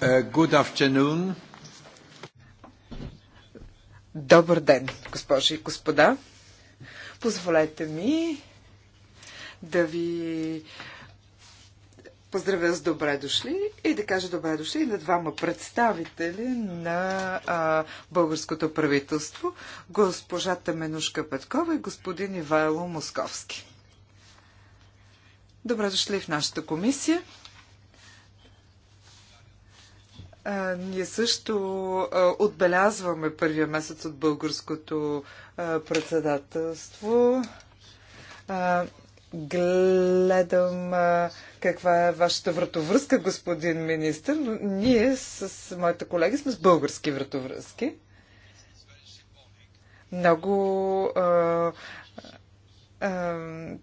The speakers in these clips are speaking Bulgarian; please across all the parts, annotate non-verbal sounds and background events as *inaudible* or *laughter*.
Uh, Добър ден, госпожи и господа. Позволете ми да ви поздравя с добре дошли и да кажа добре дошли на двама представители на а, българското правителство, госпожата Менушка Петкова и господин Ивайло Московски. Добре дошли в нашата комисия ние също отбелязваме първия месец от българското председателство. гледам каква е вашата вратовръзка, господин министр, но ние с, с моите колеги сме с български вратовръзки. Много а,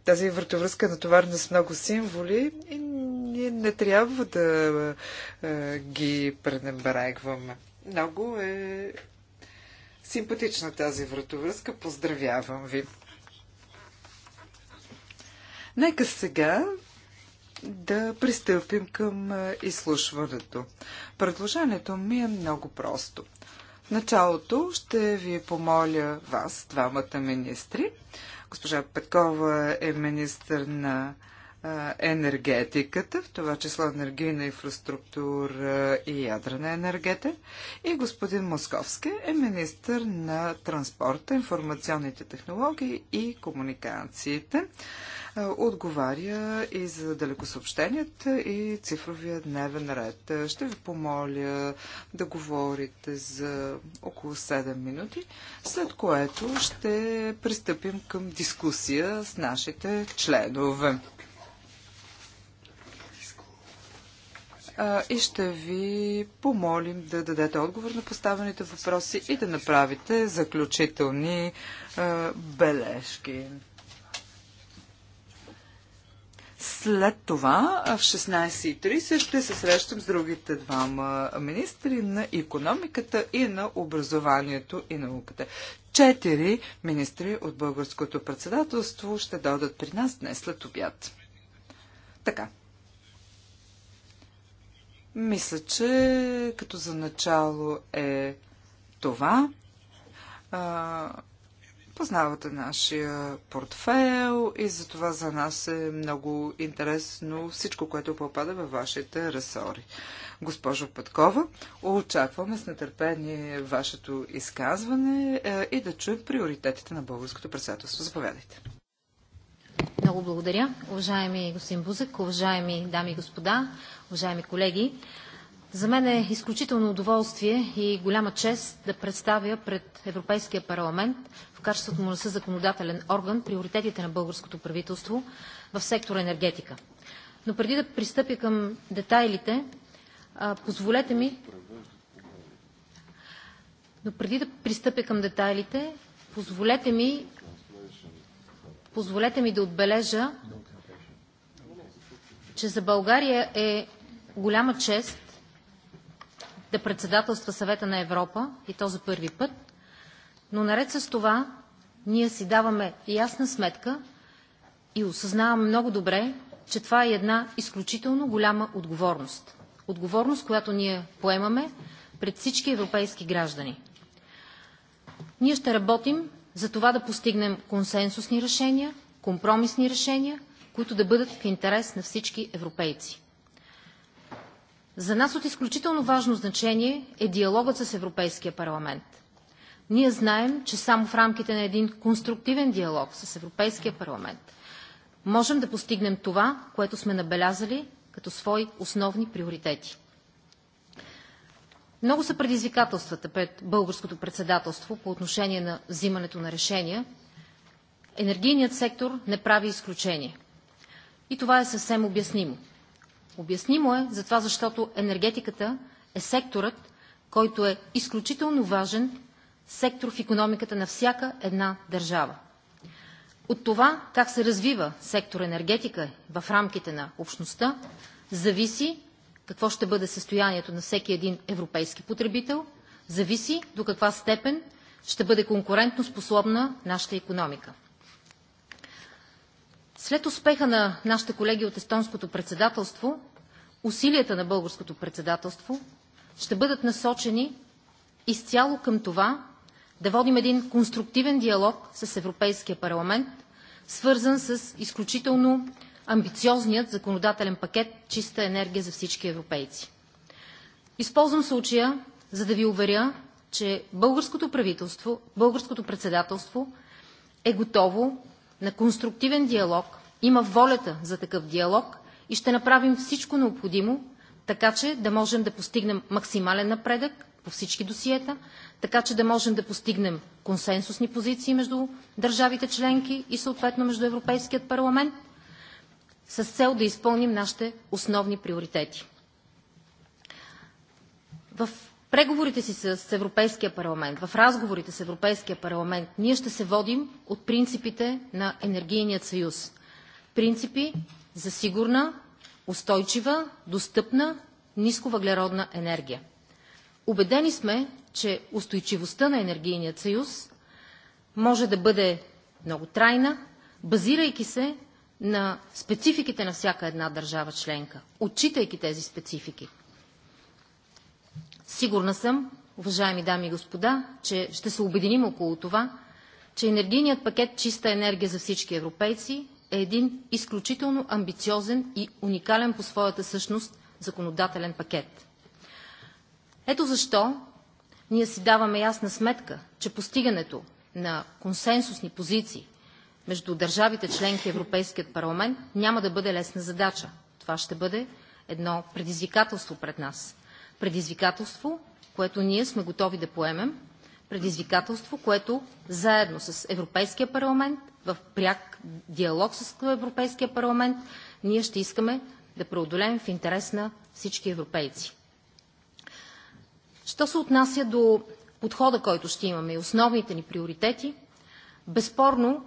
тази вратовръзка е натоварена с много символи и ние не трябва да ги пренебрегваме. Много е симпатична тази вратовръзка. Поздравявам ви! Нека сега да пристъпим към изслушването. Предложението ми е много просто. В началото ще ви помоля вас, двамата министри, Госпожа Петкова е министър на енергетиката, в това число енергийна инфраструктура и ядрена енергета. И господин Московски е министр на транспорта, информационните технологии и комуникациите. Отговаря и за далекосъобщенията и цифровия дневен ред. Ще ви помоля да говорите за около 7 минути, след което ще пристъпим към дискусия с нашите членове. и ще ви помолим да дадете отговор на поставените въпроси и да направите заключителни бележки. След това в 16.30 ще се срещам с другите двама министри на економиката и на образованието и науката. Четири министри от българското председателство ще дойдат при нас днес след обяд. Така, мисля, че като за начало е това. А, познавате нашия портфейл и за това за нас е много интересно всичко, което попада във вашите ресори. Госпожо Петкова, очакваме с нетърпение вашето изказване е, и да чуем приоритетите на българското председателство. Заповядайте. Много благодаря. Уважаеми господин Бузък, уважаеми дами и господа, уважаеми колеги, за мен е изключително удоволствие и голяма чест да представя пред Европейския парламент в качеството му на съзаконодателен орган приоритетите на българското правителство в сектор енергетика. Но преди да пристъпя към детайлите, позволете ми но преди да пристъпя към детайлите, позволете ми Позволете ми да отбележа, че за България е голяма чест да председателства Съвета на Европа и то за първи път, но наред с това ние си даваме ясна сметка и осъзнаваме много добре, че това е една изключително голяма отговорност. Отговорност, която ние поемаме пред всички европейски граждани. Ние ще работим за това да постигнем консенсусни решения, компромисни решения, които да бъдат в интерес на всички европейци. За нас от изключително важно значение е диалогът с Европейския парламент. Ние знаем, че само в рамките на един конструктивен диалог с Европейския парламент можем да постигнем това, което сме набелязали като свои основни приоритети. Много са предизвикателствата пред българското председателство по отношение на взимането на решения. Енергийният сектор не прави изключение. И това е съвсем обяснимо. Обяснимо е за това, защото енергетиката е секторът, който е изключително важен сектор в економиката на всяка една държава. От това как се развива сектор енергетика в рамките на общността зависи какво ще бъде състоянието на всеки един европейски потребител, зависи до каква степен ще бъде способна нашата економика. След успеха на нашите колеги от естонското председателство, усилията на българското председателство ще бъдат насочени изцяло към това да водим един конструктивен диалог с Европейския парламент, свързан с изключително амбициозният законодателен пакет чиста енергия за всички европейци. Използвам случая, за да ви уверя, че българското правителство, българското председателство е готово на конструктивен диалог, има волята за такъв диалог и ще направим всичко необходимо, така че да можем да постигнем максимален напредък по всички досиета, така че да можем да постигнем консенсусни позиции между държавите членки и съответно между Европейският парламент – с цел да изпълним нашите основни приоритети. В преговорите си с Европейския парламент, в разговорите с Европейския парламент, ние ще се водим от принципите на Енергийният съюз. Принципи за сигурна, устойчива, достъпна, нисковъглеродна енергия. Убедени сме, че устойчивостта на Енергийният съюз може да бъде много трайна, базирайки се на спецификите на всяка една държава членка, отчитайки тези специфики. Сигурна съм, уважаеми дами и господа, че ще се обединим около това, че енергийният пакет чиста енергия за всички европейци е един изключително амбициозен и уникален по своята същност законодателен пакет. Ето защо ние си даваме ясна сметка, че постигането на консенсусни позиции между държавите членки и Европейският парламент няма да бъде лесна задача. Това ще бъде едно предизвикателство пред нас. Предизвикателство, което ние сме готови да поемем, предизвикателство, което заедно с Европейския парламент, в пряк диалог с Европейския парламент, ние ще искаме да преодолеем в интерес на всички европейци. Що се отнася до подхода, който ще имаме и основните ни приоритети, безспорно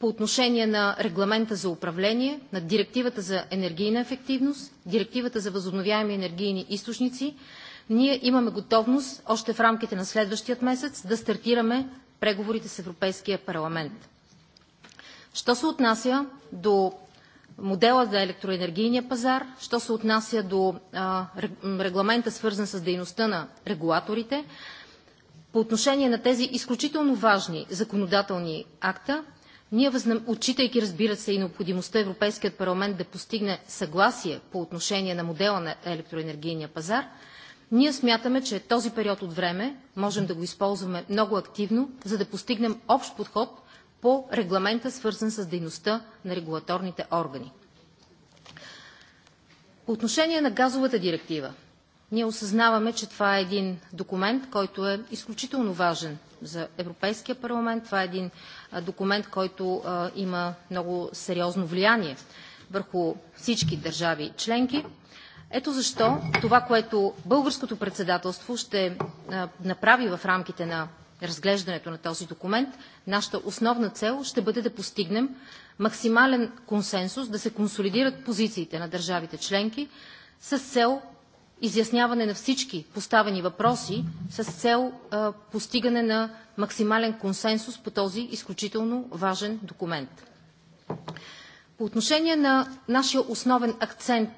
по отношение на регламента за управление, на директивата за енергийна ефективност, директивата за възобновяеми енергийни източници, ние имаме готовност още в рамките на следващия месец да стартираме преговорите с Европейския парламент. Що се отнася до модела за електроенергийния пазар, що се отнася до а, регламента, свързан с дейността на регулаторите, по отношение на тези изключително важни законодателни акта, ние, възнам... отчитайки, разбира се, и необходимостта Европейският парламент да постигне съгласие по отношение на модела на електроенергийния пазар, ние смятаме, че този период от време можем да го използваме много активно, за да постигнем общ подход по регламента, свързан с дейността на регулаторните органи. По отношение на газовата директива, ние осъзнаваме, че това е един документ, който е изключително важен за Европейския парламент. Това е един документ, който има много сериозно влияние върху всички държави членки. Ето защо това, което българското председателство ще направи в рамките на разглеждането на този документ, нашата основна цел ще бъде да постигнем максимален консенсус, да се консолидират позициите на държавите членки с цел изясняване на всички поставени въпроси с цел постигане на максимален консенсус по този изключително важен документ. По отношение на нашия основен акцент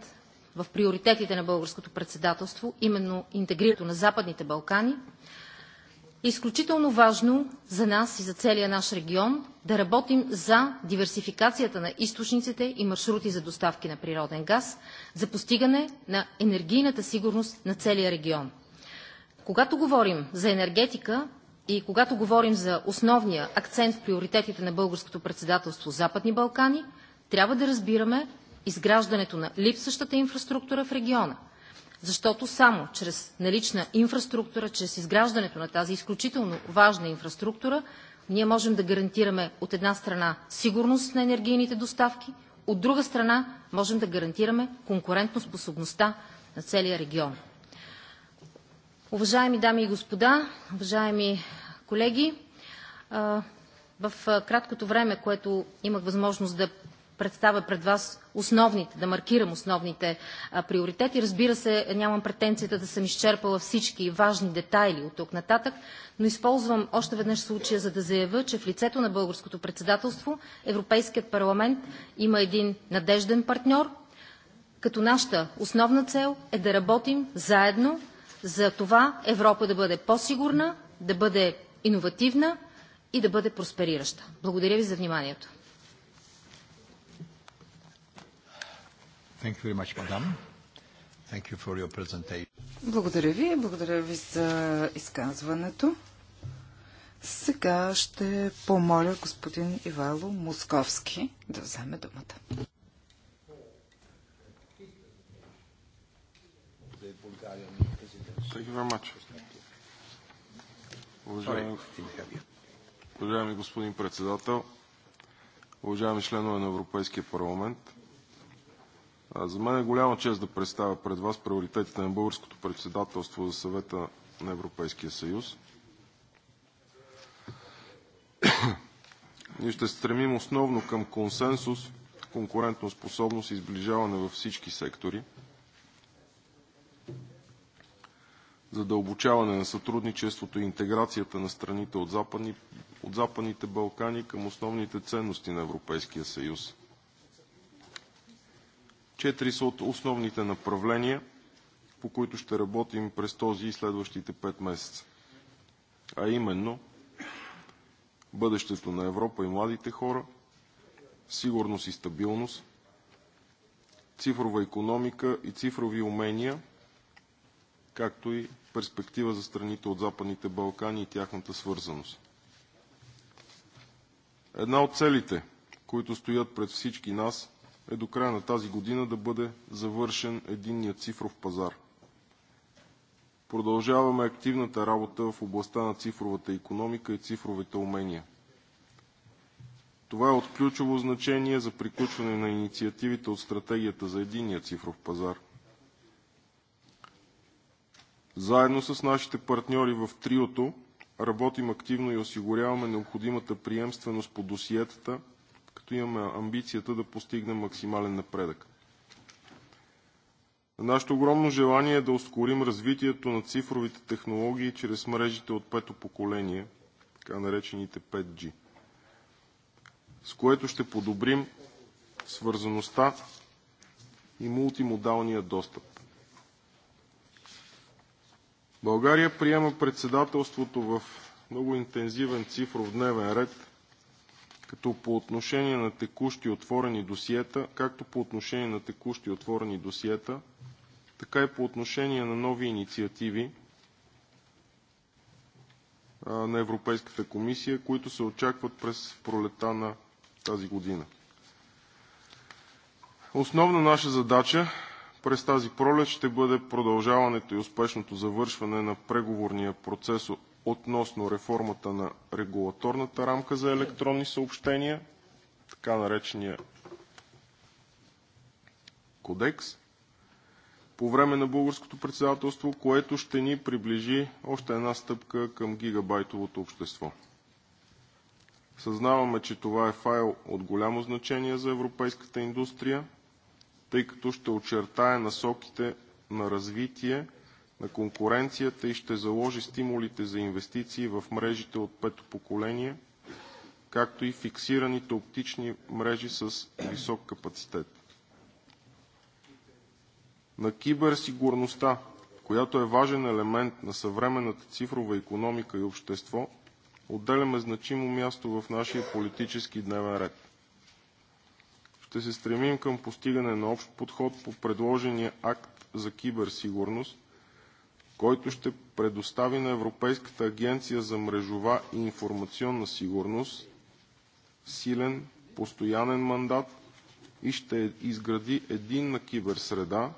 в приоритетите на Българското председателство, именно интегрирането на Западните Балкани, е изключително важно за нас и за целия наш регион да работим за диверсификацията на източниците и маршрути за доставки на природен газ, за постигане на енергийната сигурност на целия регион. Когато говорим за енергетика и когато говорим за основния акцент в приоритетите на българското председателство Западни Балкани, трябва да разбираме изграждането на липсващата инфраструктура в региона – защото само чрез налична инфраструктура, чрез изграждането на тази изключително важна инфраструктура, ние можем да гарантираме, от една страна, сигурност на енергийните доставки, от друга страна, можем да гарантираме способността на целия регион. Уважаеми дами и господа, уважаеми колеги, в краткото време, което имах възможност да представя пред вас основните, да маркирам основните приоритети. Разбира се, нямам претенцията да съм изчерпала всички важни детайли от тук нататък, но използвам още веднъж случая, за да заявя, че в лицето на българското председателство Европейският парламент има един надежден партньор, като нашата основна цел е да работим заедно за това Европа да бъде по-сигурна, да бъде иновативна и да бъде просперираща. Благодаря ви за вниманието. Thank you very much, madam. Thank you for your presentation. Благодаря ви. Благодаря ви за изказването. Сега ще помоля господин Ивайло Московски да вземе думата. уважаеми господин председател, уважаеми членове на Европейския парламент, за мен е голяма чест да представя пред Вас приоритетите на българското председателство за Съвета на Европейския съюз. *coughs* Ние ще стремим основно към консенсус, конкурентоспособност и сближаване във всички сектори, задълбочаване на сътрудничеството и интеграцията на страните от, Западни, от Западните Балкани към основните ценности на Европейския съюз – Четири са от основните направления, по които ще работим през този и следващите пет месеца. А именно бъдещето на Европа и младите хора, сигурност и стабилност, цифрова економика и цифрови умения, както и перспектива за страните от Западните Балкани и тяхната свързаност. Една от целите, които стоят пред всички нас, е до края на тази година да бъде завършен единният цифров пазар. Продължаваме активната работа в областта на цифровата економика и цифровите умения. Това е от ключово значение за приключване на инициативите от стратегията за единния цифров пазар. Заедно с нашите партньори в Триото работим активно и осигуряваме необходимата приемственост по досиетата – като имаме амбицията да постигнем максимален напредък. Нашето огромно желание е да ускорим развитието на цифровите технологии чрез мрежите от пето поколение, така наречените 5G, с което ще подобрим свързаността и мултимодалния достъп. България приема председателството в много интензивен цифров дневен ред като по отношение на текущи отворени досиета, както по отношение на текущи отворени досиета, така и по отношение на нови инициативи на Европейската комисия, които се очакват през пролета на тази година. Основна наша задача през тази пролет ще бъде продължаването и успешното завършване на преговорния процес относно реформата на регулаторната рамка за електронни съобщения, така наречения кодекс, по време на българското председателство, което ще ни приближи още една стъпка към гигабайтовото общество. Съзнаваме, че това е файл от голямо значение за европейската индустрия, тъй като ще очертае насоките на развитие – на конкуренцията и ще заложи стимулите за инвестиции в мрежите от пето поколение, както и фиксираните оптични мрежи с висок капацитет. На киберсигурността, която е важен елемент на съвременната цифрова економика и общество, отделяме значимо място в нашия политически дневен ред. Ще се стремим към постигане на общ подход по предложения акт за киберсигурност, който ще предостави на Европейската агенция за мрежова и информационна сигурност силен, постоянен мандат и ще изгради един на киберсреда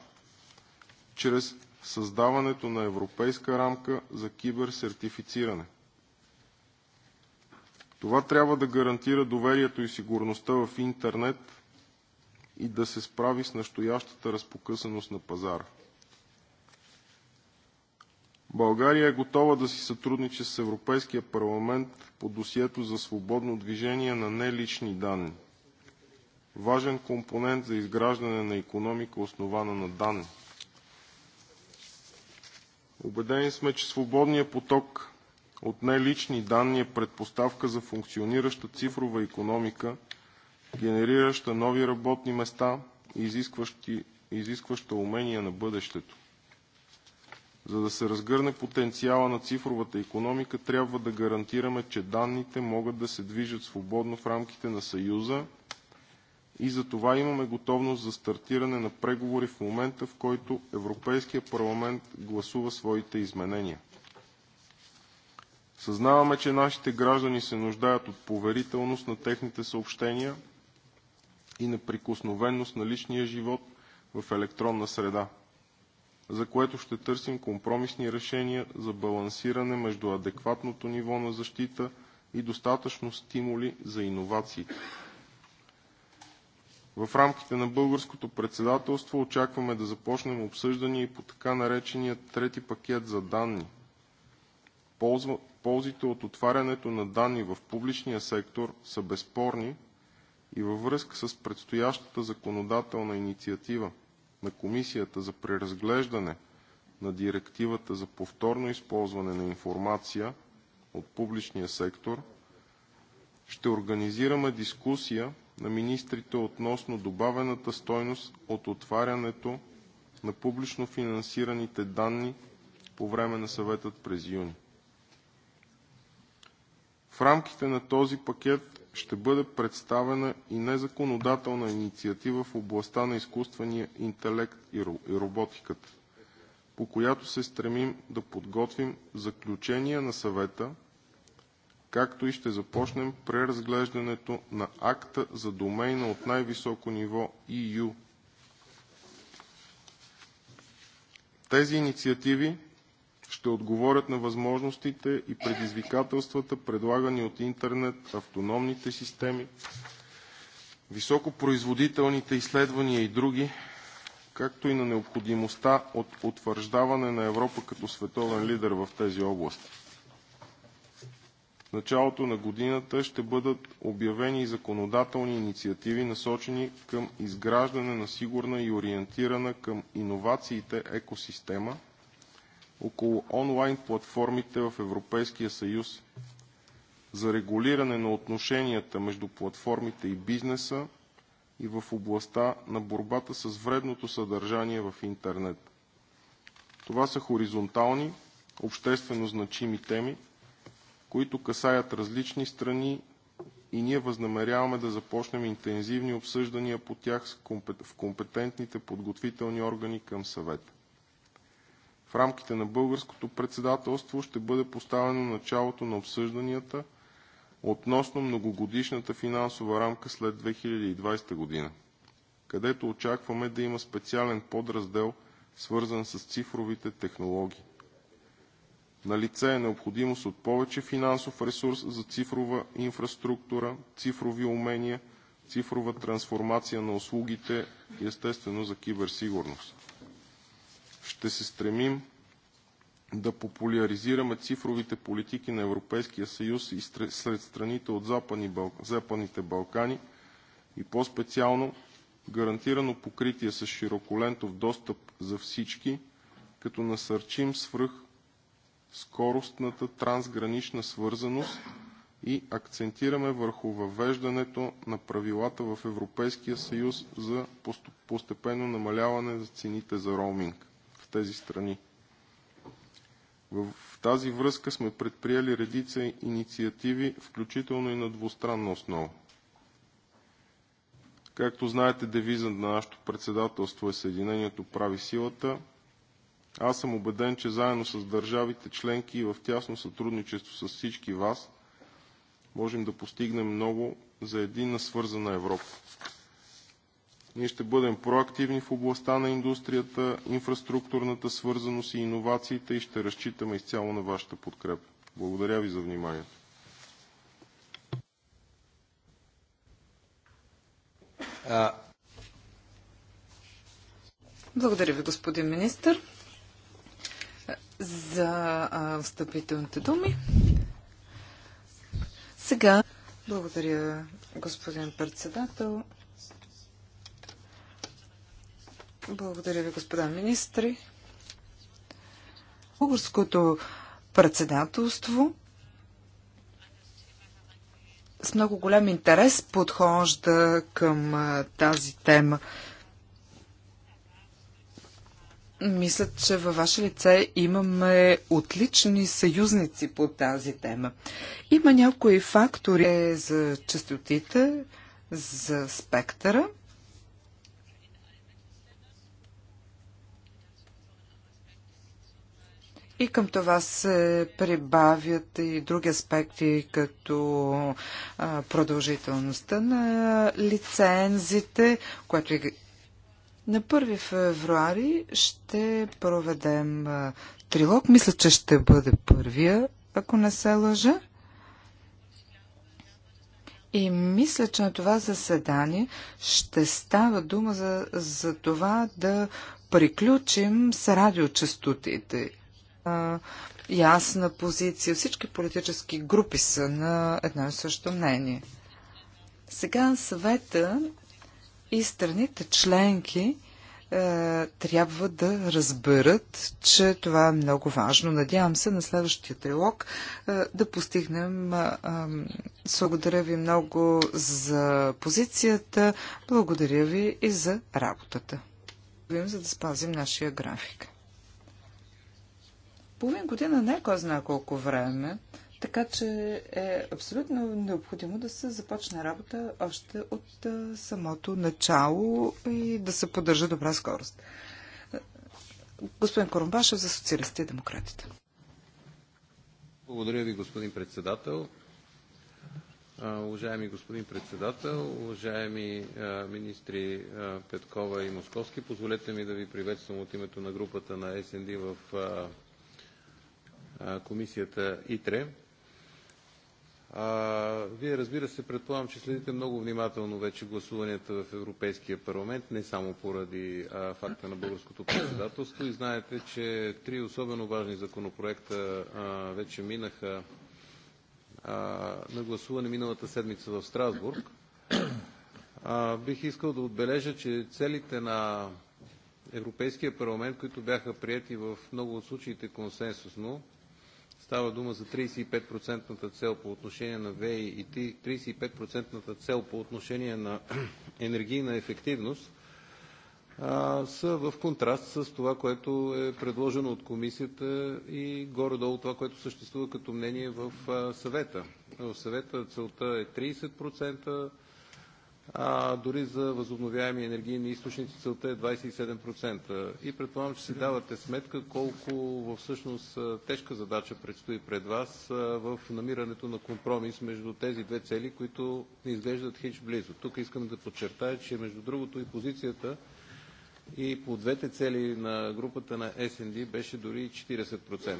чрез създаването на европейска рамка за киберсертифициране. Това трябва да гарантира доверието и сигурността в интернет и да се справи с настоящата разпокъсаност на пазара. България е готова да си сътрудничи с Европейския парламент по досието за свободно движение на нелични данни. Важен компонент за изграждане на економика, основана на данни. Обедени сме, че свободният поток от нелични данни е предпоставка за функционираща цифрова економика, генерираща нови работни места и изискваща умения на бъдещето. За да се разгърне потенциала на цифровата економика, трябва да гарантираме, че данните могат да се движат свободно в рамките на Съюза и затова имаме готовност за стартиране на преговори в момента, в който Европейският парламент гласува своите изменения. Съзнаваме, че нашите граждани се нуждаят от поверителност на техните съобщения и неприкосновенност на личния живот в електронна среда за което ще търсим компромисни решения за балансиране между адекватното ниво на защита и достатъчно стимули за иновации. В рамките на българското председателство очакваме да започнем обсъждане и по така наречения трети пакет за данни. Ползва, ползите от отварянето на данни в публичния сектор са безспорни и във връзка с предстоящата законодателна инициатива на Комисията за преразглеждане на Директивата за повторно използване на информация от публичния сектор ще организираме дискусия на министрите относно добавената стойност от отварянето на публично финансираните данни по време на съветът през юни. В рамките на този пакет ще бъде представена и незаконодателна инициатива в областта на изкуствения интелект и роботиката, по която се стремим да подготвим заключения на Съвета, както и ще започнем преразглеждането на акта за домейна от най-високо ниво EU. Тези инициативи ще отговорят на възможностите и предизвикателствата, предлагани от интернет, автономните системи, високопроизводителните изследвания и други, както и на необходимостта от утвърждаване на Европа като световен лидер в тези области. В началото на годината ще бъдат обявени законодателни инициативи, насочени към изграждане на сигурна и ориентирана към иновациите екосистема, около онлайн платформите в Европейския съюз за регулиране на отношенията между платформите и бизнеса и в областта на борбата с вредното съдържание в интернет. Това са хоризонтални, обществено значими теми, които касаят различни страни и ние възнамеряваме да започнем интензивни обсъждания по тях в компетентните подготвителни органи към съвета. В рамките на българското председателство ще бъде поставено началото на обсъжданията относно многогодишната финансова рамка след 2020 година, където очакваме да има специален подраздел, свързан с цифровите технологии. Налице е необходимост от повече финансов ресурс за цифрова инфраструктура, цифрови умения, цифрова трансформация на услугите и естествено за киберсигурност ще се стремим да популяризираме цифровите политики на Европейския съюз и сред страните от Западните Балкани и по-специално гарантирано покритие с широколентов достъп за всички, като насърчим свръх скоростната трансгранична свързаност и акцентираме върху въвеждането на правилата в Европейския съюз за постепенно намаляване на цените за роуминг тези страни. В тази връзка сме предприели редица инициативи, включително и на двустранна основа. Както знаете, девизът на нашето председателство е Съединението прави силата. Аз съм убеден, че заедно с държавите членки и в тясно сътрудничество с всички вас можем да постигнем много за един на свързана Европа. Ние ще бъдем проактивни в областта на индустрията, инфраструктурната свързаност и иновациите и ще разчитаме изцяло на вашата подкрепа. Благодаря ви за вниманието. Благодаря ви, господин министр, за встъпителните думи. Сега, благодаря, господин председател. Благодаря ви, господа министри. Българското председателство с много голям интерес подхожда към тази тема. Мисля, че във ваше лице имаме отлични съюзници по тази тема. Има някои фактори е, за частотите, за спектъра – И към това се прибавят и други аспекти, като продължителността на лицензите, което на 1 февруари ще проведем трилог. Мисля, че ще бъде първия, ако не се лъжа. И мисля, че на това заседание ще става дума за, за това да приключим с радиочастотите а, ясна позиция. Всички политически групи са на едно и също мнение. Сега съвета и страните членки е, трябва да разберат, че това е много важно. Надявам се на следващия трилог е, да постигнем. Е, благодаря ви много за позицията, благодаря ви и за работата. За да спазим нашия график. Половин година не е кой знае колко време, така че е абсолютно необходимо да се започне работа още от самото начало и да се поддържа добра скорост. Господин Корумбашев за социалистите и демократите. Благодаря ви, господин председател. Уважаеми господин председател, уважаеми министри Петкова и Московски, позволете ми да ви приветствам от името на групата на СНД в комисията ИТРЕ. А, вие, разбира се, предполагам, че следите много внимателно вече гласуванията в Европейския парламент, не само поради а, факта на българското председателство. И знаете, че три особено важни законопроекта а, вече минаха а, на гласуване миналата седмица в Страсбург. А, бих искал да отбележа, че целите на Европейския парламент, които бяха прияти в много от случаите консенсусно, става дума за 35% цел по отношение на ВЕИ и 35% цел по отношение на *clears throat* енергийна ефективност, са в контраст с това, което е предложено от комисията и горе-долу това, което съществува като мнение в съвета. В съвета целта е 30%, а дори за възобновяеми енергийни източници целта е 27%. И предполагам, че си давате сметка колко всъщност тежка задача предстои пред вас в намирането на компромис между тези две цели, които не изглеждат хич близо. Тук искам да подчертая, че между другото и позицията и по двете цели на групата на СНД беше дори 40%.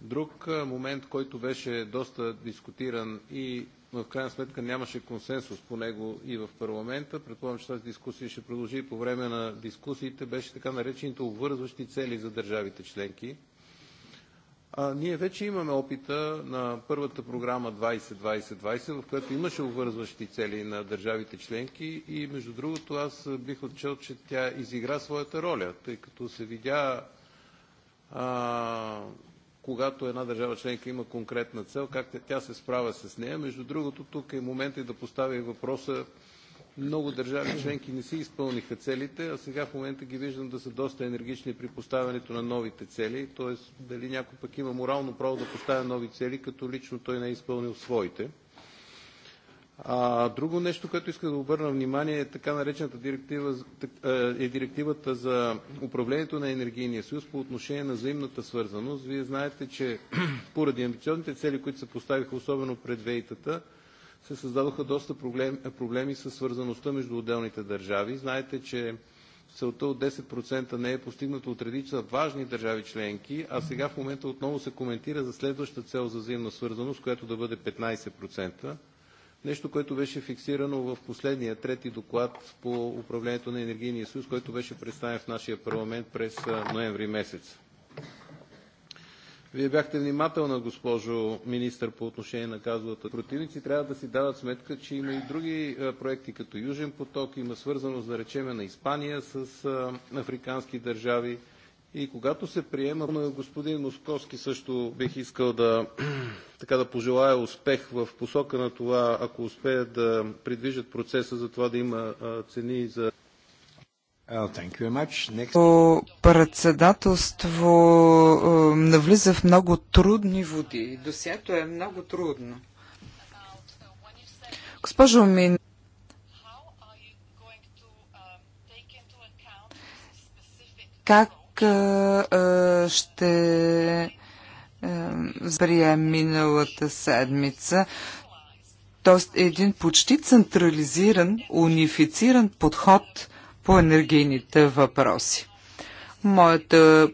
Друг момент, който беше доста дискутиран и но в крайна сметка нямаше консенсус по него и в парламента. Предполагам, че тази дискусия ще продължи и по време на дискусиите. Беше така наречените обвързващи цели за държавите членки. А, ние вече имаме опита на първата програма 2020-2020, в която имаше обвързващи цели на държавите членки и между другото аз бих отчел, че тя изигра своята роля, тъй като се видя а, когато една държава членка има конкретна цел, как тя се справя с нея. Между другото, тук е момента и да поставя и въпроса много държави членки не си изпълниха целите, а сега в момента ги виждам да са доста енергични при поставянето на новите цели, Тоест, дали някой пък има морално право да поставя нови цели, като лично той не е изпълнил своите. А, друго нещо, което иска да обърна внимание е така наречената директива, е, е директивата за управлението на енергийния съюз по отношение на взаимната свързаност. Вие знаете, че *clears throat* поради амбициозните цели, които се поставиха особено пред вейтата, се създадоха доста проблем, проблеми с свързаността между отделните държави. Знаете, че целта от 10% не е постигната от редица важни държави членки, а сега в момента отново се коментира за следваща цел за взаимна свързаност, която да бъде 15%. Нещо, което беше фиксирано в последния трети доклад по управлението на енергийния съюз, който беше представен в нашия парламент през ноември месец. Вие бяхте внимателна, госпожо министър, по отношение на казвата Противници трябва да си дават сметка, че има и други проекти, като Южен поток, има свързано, да речеме, на Испания с африкански държави. И когато се приема на господин Московски, също бих искал да, *clears throat* така да пожелая успех в посока на това, ако успеят да придвижат процеса за това да има цени за Председателство навлиза в много трудни води. Досието е много трудно. Госпожо Мин, как ще прием миналата седмица. Тоест един почти централизиран, унифициран подход по енергийните въпроси. Моята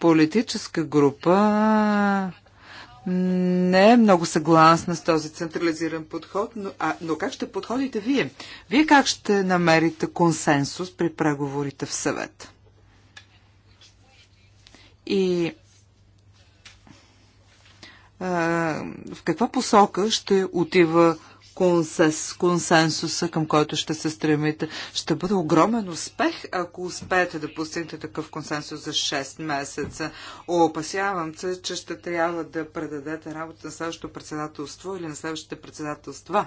политическа група не е много съгласна с този централизиран подход, но, а, но как ще подходите вие? Вие как ще намерите консенсус при преговорите в съвет? и в каква посока ще отива консенс, консенсуса, към който ще се стремите. Ще бъде огромен успех, ако успеете да постигнете такъв консенсус за 6 месеца. Опасявам се, че ще трябва да предадете работа на следващото председателство или на следващите председателства.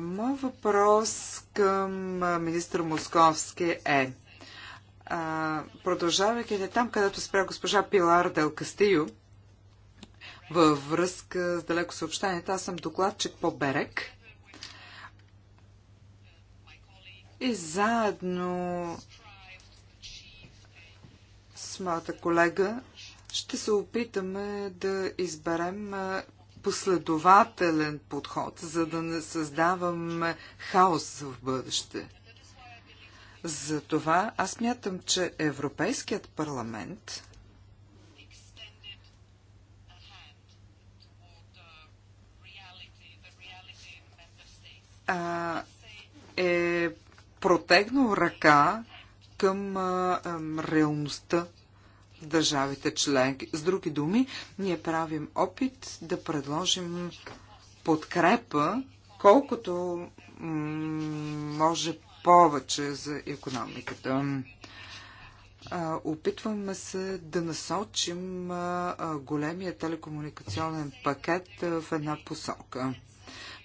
Моят въпрос към министър Московски е продължавайки там, където спря госпожа Пилар Дел Кастио, във връзка с далеко съобщението, аз съм докладчик по Берек. И заедно с моята колега ще се опитаме да изберем последователен подход, за да не създаваме хаос в бъдеще. Затова аз мятам, че Европейският парламент е протегнал ръка към реалността в държавите членки. С други думи, ние правим опит да предложим подкрепа колкото може повече за економиката. Опитваме се да насочим големия телекомуникационен пакет в една посока.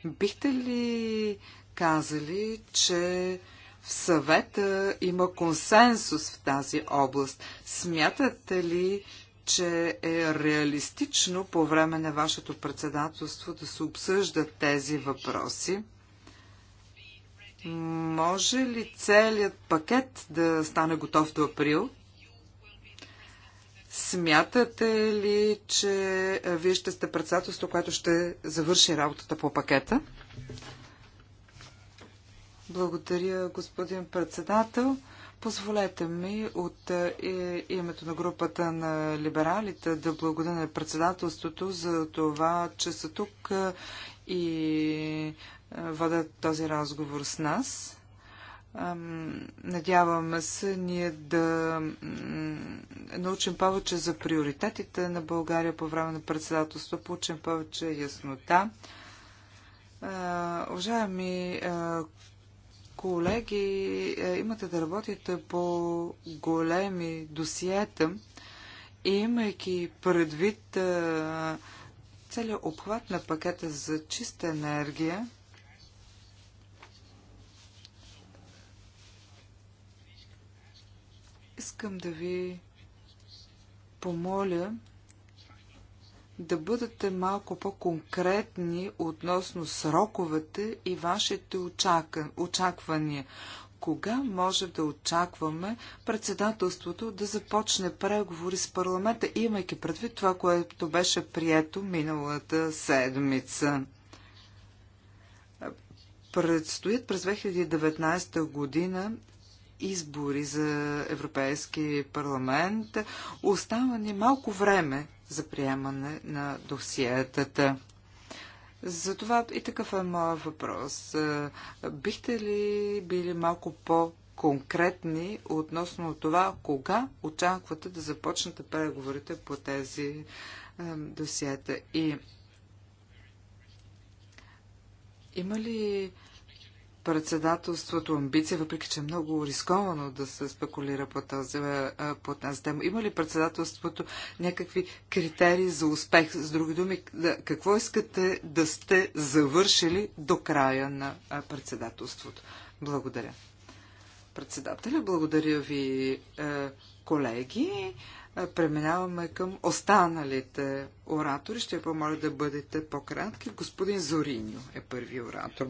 Бихте ли казали, че в съвета има консенсус в тази област? Смятате ли, че е реалистично по време на вашето председателство да се обсъждат тези въпроси? Може ли целият пакет да стане готов до април? Смятате ли, че вие ще сте председателство, което ще завърши работата по пакета? Благодаря, господин председател. Позволете ми от е, името на групата на либералите да благодаря председателството за това, че са тук е, и е, водят този разговор с нас. Надяваме се ние да научим повече за приоритетите на България по време на председателство, получим повече яснота. Е, уважаеми е, колеги, имате да работите по големи досиета и имайки предвид целият обхват на пакета за чиста енергия, Искам да ви помоля да бъдете малко по-конкретни относно сроковете и вашите очаквания. Кога може да очакваме председателството да започне преговори с парламента, имайки предвид това, което беше прието миналата седмица? Предстоят през 2019 година избори за Европейски парламент. Остава ни малко време за приемане на досиетата. Затова и такъв е моят въпрос. Бихте ли били малко по- конкретни относно това, кога очаквате да започнете преговорите по тези е, досиета. И има ли председателството амбиция, въпреки че е много рисковано да се спекулира по, този, е, е, по тази тема. Има ли председателството някакви критерии за успех? С други думи, какво искате да сте завършили до края на е, председателството? Благодаря. Председателя, благодаря ви, колеги. Преминаваме към останалите оратори. Ще помоля да бъдете по-кратки. Господин Зориньо е първи оратор.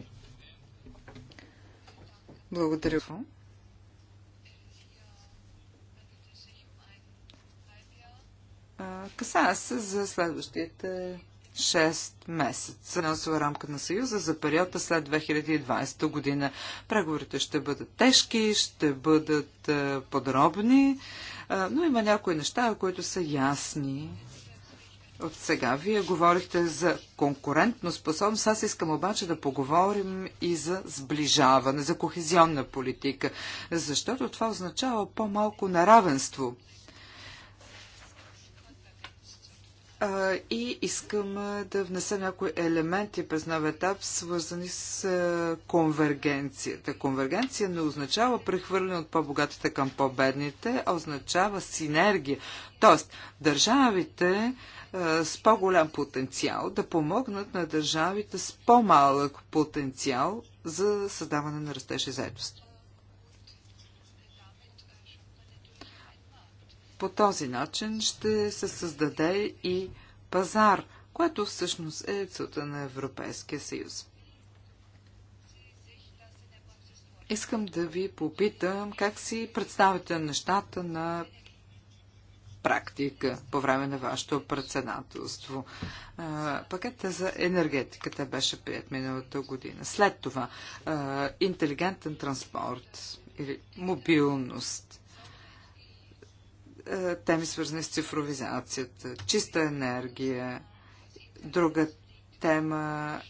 Благодаря. Касая се за следващите 6 месеца. Финансова рамка на Съюза за периода след 2020 година. Преговорите ще бъдат тежки, ще бъдат подробни, но има някои неща, които са ясни от сега вие говорихте за конкурентно способност. Аз искам обаче да поговорим и за сближаване, за кохезионна политика, защото това означава по-малко наравенство. и искам да внеса някои елементи през нов етап, свързани с конвергенцията. Конвергенция не означава прехвърляне от по-богатите към по-бедните, а означава синергия. Тоест, държавите с по-голям потенциал да помогнат на държавите с по-малък потенциал за създаване на растеж и заедост. По този начин ще се създаде и пазар, което всъщност е целта на Европейския съюз. Искам да ви попитам как си представите нещата на практика по време на вашето председателство. Пакета за енергетиката беше прият миналата година. След това интелигентен транспорт или мобилност теми свързани с цифровизацията, чиста енергия. Друга тема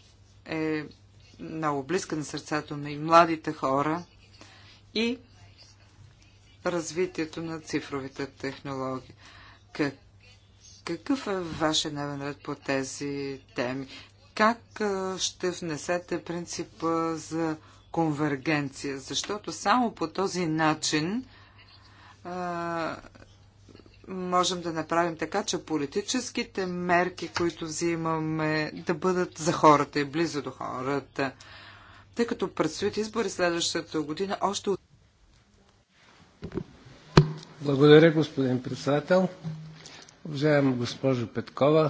е много близка на сърцето на и младите хора и развитието на цифровите технологии. Как, какъв е вашия дневен ред по тези теми? Как ще внесете принципа за конвергенция? Защото само по този начин а, можем да направим така, че политическите мерки, които взимаме, да бъдат за хората и близо до хората. Тъй като предстоят избори следващата година, още от благодаря, господин председател. Уважаема госпожо Петкова,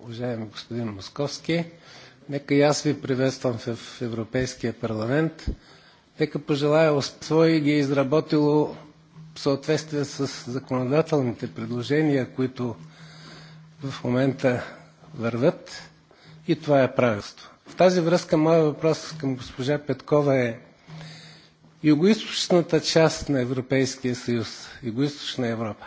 уважаеми господин Московски, нека и аз ви приветствам в Европейския парламент. Нека пожелая успех и ги е изработило в съответствие с законодателните предложения, които в момента върват, и това е правилство. В тази връзка моят въпрос към госпожа Петкова е Югоизточната част на Европейския съюз, Югоизточна Европа,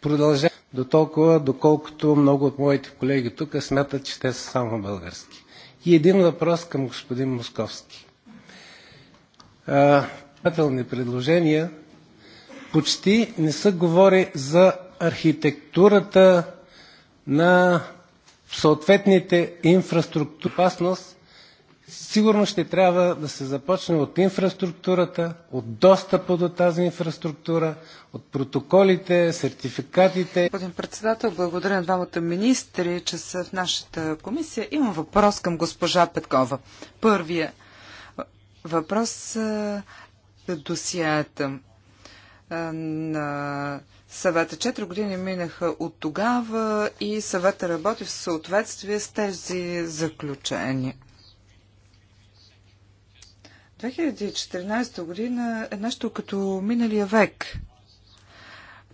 продължава до толкова, доколкото много от моите колеги тук смятат, че те са само български. И един въпрос към господин Московски. Пателни предложения почти не се говори за архитектурата на съответните инфраструктури опасност сигурно ще трябва да се започне от инфраструктурата, от достъпа до тази инфраструктура, от протоколите, сертификатите. Господин председател, благодаря на двамата министри, че са в нашата комисия. Имам въпрос към госпожа Петкова. Първия въпрос е досията на съвета. Четири години минаха от тогава и съвета работи в съответствие с тези заключения. 2014 година е нещо като миналия век.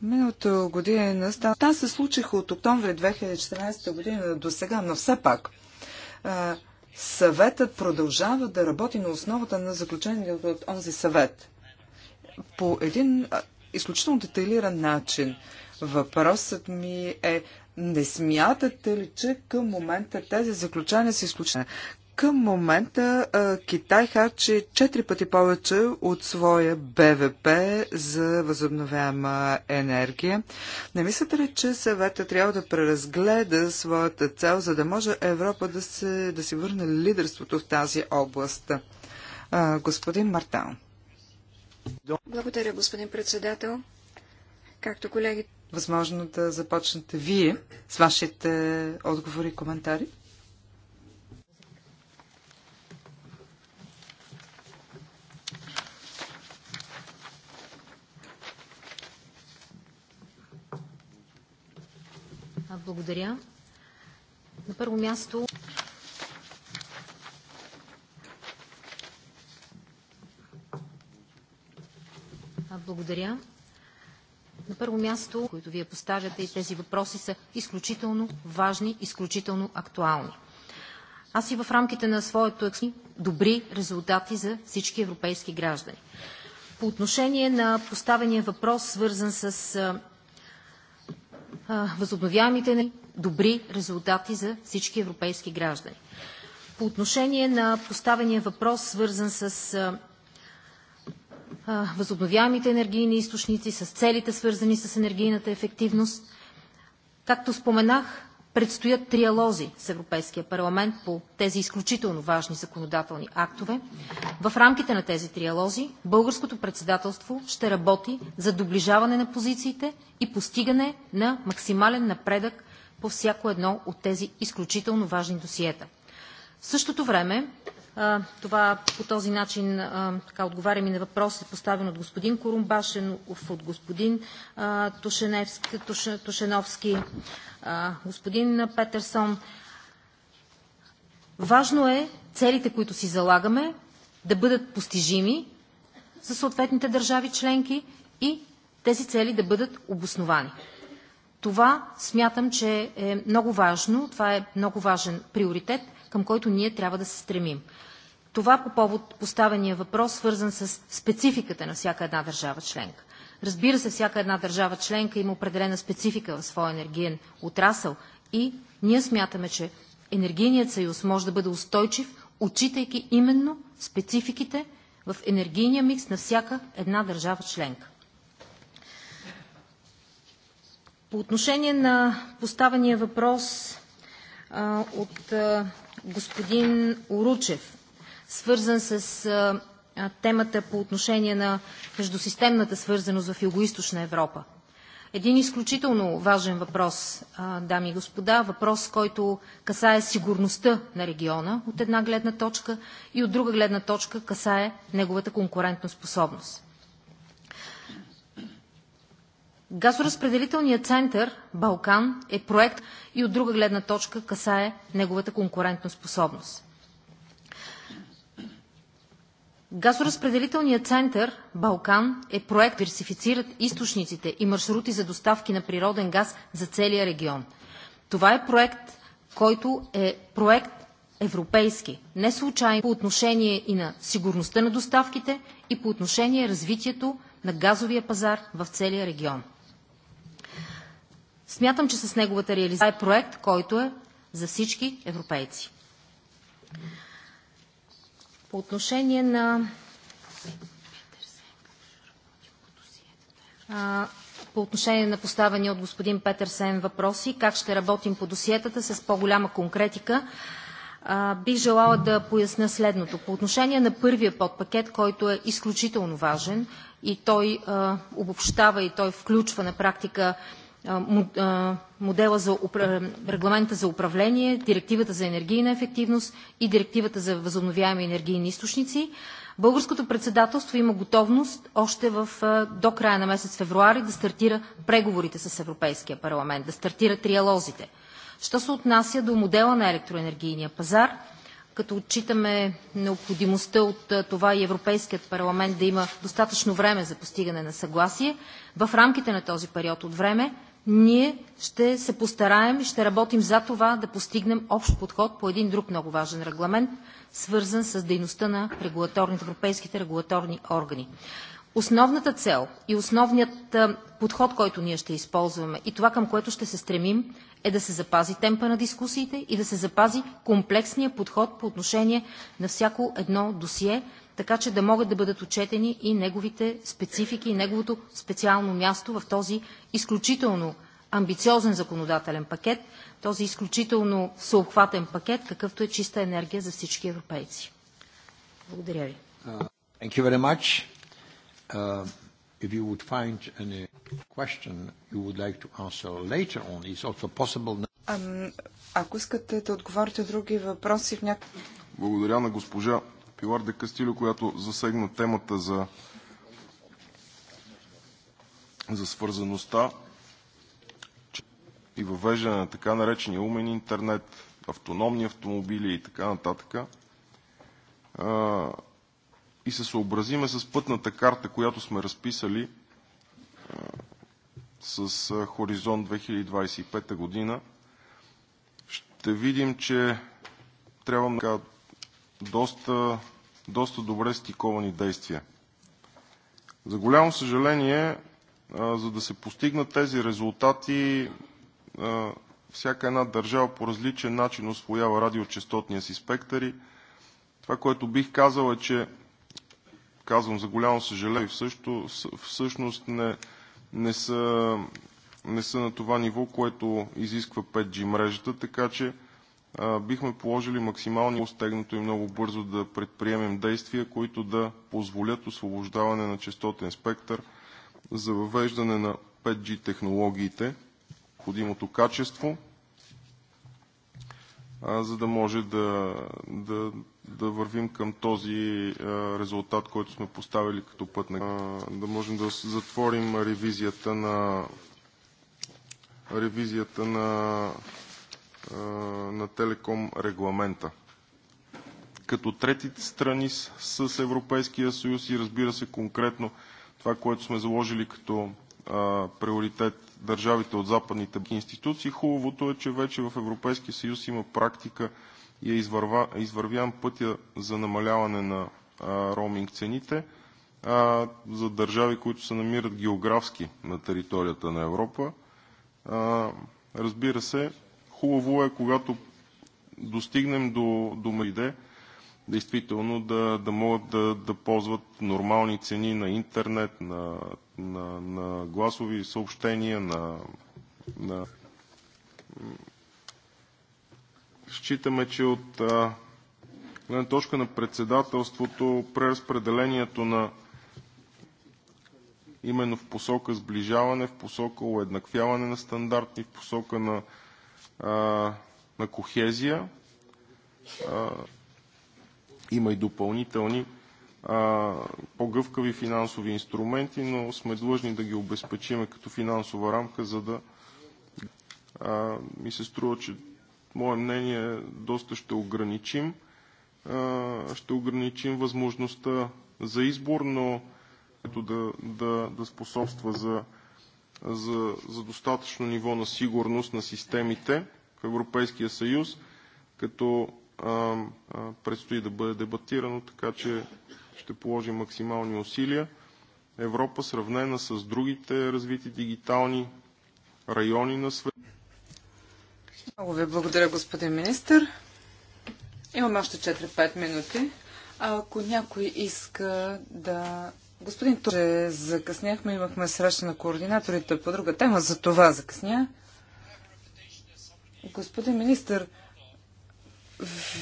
Миналата година е стана. се случиха от октомври 2014 година до сега, но все пак а, съветът продължава да работи на основата на заключение от онзи съвет. По един изключително детайлиран начин. Въпросът ми е не смятате ли, че към момента тези заключения са изключени? Към момента Китай харчи 4 пъти повече от своя БВП за възобновяема енергия. Не мислите ли, че съвета трябва да преразгледа своята цел, за да може Европа да, се, да си върне лидерството в тази област? господин Мартан. Благодаря, господин председател. Както колеги... Възможно да започнете вие с вашите отговори и коментари. Благодаря. На първо място Благодаря. На първо място, които вие поставяте и тези въпроси са изключително важни, изключително актуални. Аз и в рамките на своето експи добри резултати за всички европейски граждани. По отношение на поставения въпрос, свързан с възобновяемите добри резултати за всички европейски граждани. По отношение на поставения въпрос, свързан с възобновяемите енергийни източници, с целите, свързани с енергийната ефективност, както споменах, Предстоят триалози с Европейския парламент по тези изключително важни законодателни актове. В рамките на тези триалози българското председателство ще работи за доближаване на позициите и постигане на максимален напредък по всяко едно от тези изключително важни досиета. В същото време това по този начин отговарям и на въпроса, е поставен от господин Курумбашев, от господин Тушеновски, господин Петерсон. Важно е целите, които си залагаме, да бъдат постижими за съответните държави членки и тези цели да бъдат обосновани. Това смятам, че е много важно. Това е много важен приоритет – към който ние трябва да се стремим. Това по повод поставения въпрос, свързан с спецификата на всяка една държава членка. Разбира се, всяка една държава членка има определена специфика в своя енергиен отрасъл и ние смятаме, че енергийният съюз може да бъде устойчив, отчитайки именно спецификите в енергийния микс на всяка една държава членка. По отношение на поставения въпрос от господин Оручев, свързан с темата по отношение на междусистемната свързаност в Юго-Источна Европа. Един изключително важен въпрос, дами и господа, въпрос, който касае сигурността на региона от една гледна точка и от друга гледна точка касае неговата конкурентоспособност. Газоразпределителният център Балкан е проект и от друга гледна точка касае неговата способност. Газоразпределителният център Балкан е проект, диверсифицират източниците и маршрути за доставки на природен газ за целия регион. Това е проект, който е проект европейски, не случайно по отношение и на сигурността на доставките и по отношение развитието на газовия пазар в целия регион. Смятам, че с неговата реализация е проект, който е за всички европейци. По отношение на по отношение на поставени от господин Петърсен въпроси, как ще работим по досиетата с по-голяма конкретика, бих желала да поясня следното. По отношение на първия подпакет, който е изключително важен и той обобщава и той включва на практика модела за, регламента за управление, директивата за енергийна ефективност и директивата за възобновяеми енергийни източници. Българското председателство има готовност още в, до края на месец февруари да стартира преговорите с Европейския парламент, да стартира триалозите. Що се отнася до модела на електроенергийния пазар, като отчитаме необходимостта от това и Европейският парламент да има достатъчно време за постигане на съгласие, в рамките на този период от време ние ще се постараем и ще работим за това да постигнем общ подход по един друг много важен регламент, свързан с дейността на европейските регулаторни органи. Основната цел и основният подход, който ние ще използваме и това, към което ще се стремим, е да се запази темпа на дискусиите и да се запази комплексният подход по отношение на всяко едно досие, така че да могат да бъдат отчетени и неговите специфики и неговото специално място в този изключително амбициозен законодателен пакет, този изключително съобхватен пакет, какъвто е чиста енергия за всички европейци. Благодаря ви. Uh, thank you very much. Uh, if you would find any question you would like to answer later on, it's also possible Um, ако искате да отговорите други въпроси в някакъв... Благодаря на госпожа Пилар де Кастилю, която засегна темата за, за свързаността и въвеждане на така наречения умен интернет, автономни автомобили и така нататък. И се съобразиме с пътната карта, която сме разписали с хоризонт 2025 година. Ще видим, че трябва доста, доста добре стиковани действия. За голямо съжаление, за да се постигнат тези резултати, всяка една държава по различен начин освоява радиочастотния си спектър това, което бих казал е, че казвам за голямо съжаление, всъщност, всъщност не, не, са, не са на това ниво, което изисква 5G мрежата, така че бихме положили максимални стегнато и много бързо да предприемем действия, които да позволят освобождаване на частотен спектър за въвеждане на 5G технологиите, необходимото качество, за да може да, да, да вървим към този резултат, който сме поставили като път на... Да можем да затворим ревизията на ревизията на на Телеком регламента. Като третите страни с Европейския съюз и разбира се конкретно това, което сме заложили като а, приоритет държавите от западните институции, хубавото е, че вече в Европейския съюз има практика и е извърва, извървян пътя за намаляване на а, роуминг цените а, за държави, които се намират географски на територията на Европа. А, разбира се, хубаво е, когато достигнем до, до Мариде, действително да, да могат да, да ползват нормални цени на интернет, на, на, на гласови съобщения, на, на... Считаме, че от гледна точка на председателството, преразпределението на именно в посока сближаване, в посока уеднаквяване на стандарти, в посока на а, на кохезия. Има и допълнителни по-гъвкави финансови инструменти, но сме длъжни да ги обезпечиме като финансова рамка, за да ми се струва, че мое мнение доста ще ограничим. ще ограничим възможността за избор, но ето да, да, да способства за, за, за достатъчно ниво на сигурност на системите. Европейския съюз, като а, а, предстои да бъде дебатирано, така че ще положим максимални усилия. Европа, сравнена с другите развити дигитални райони на света. Много ви благодаря, господин министр. Имаме още 4-5 минути. ако някой иска да... Господин Туре, закъсняхме, имахме среща на координаторите по друга тема, за това закъсня. Господин министр,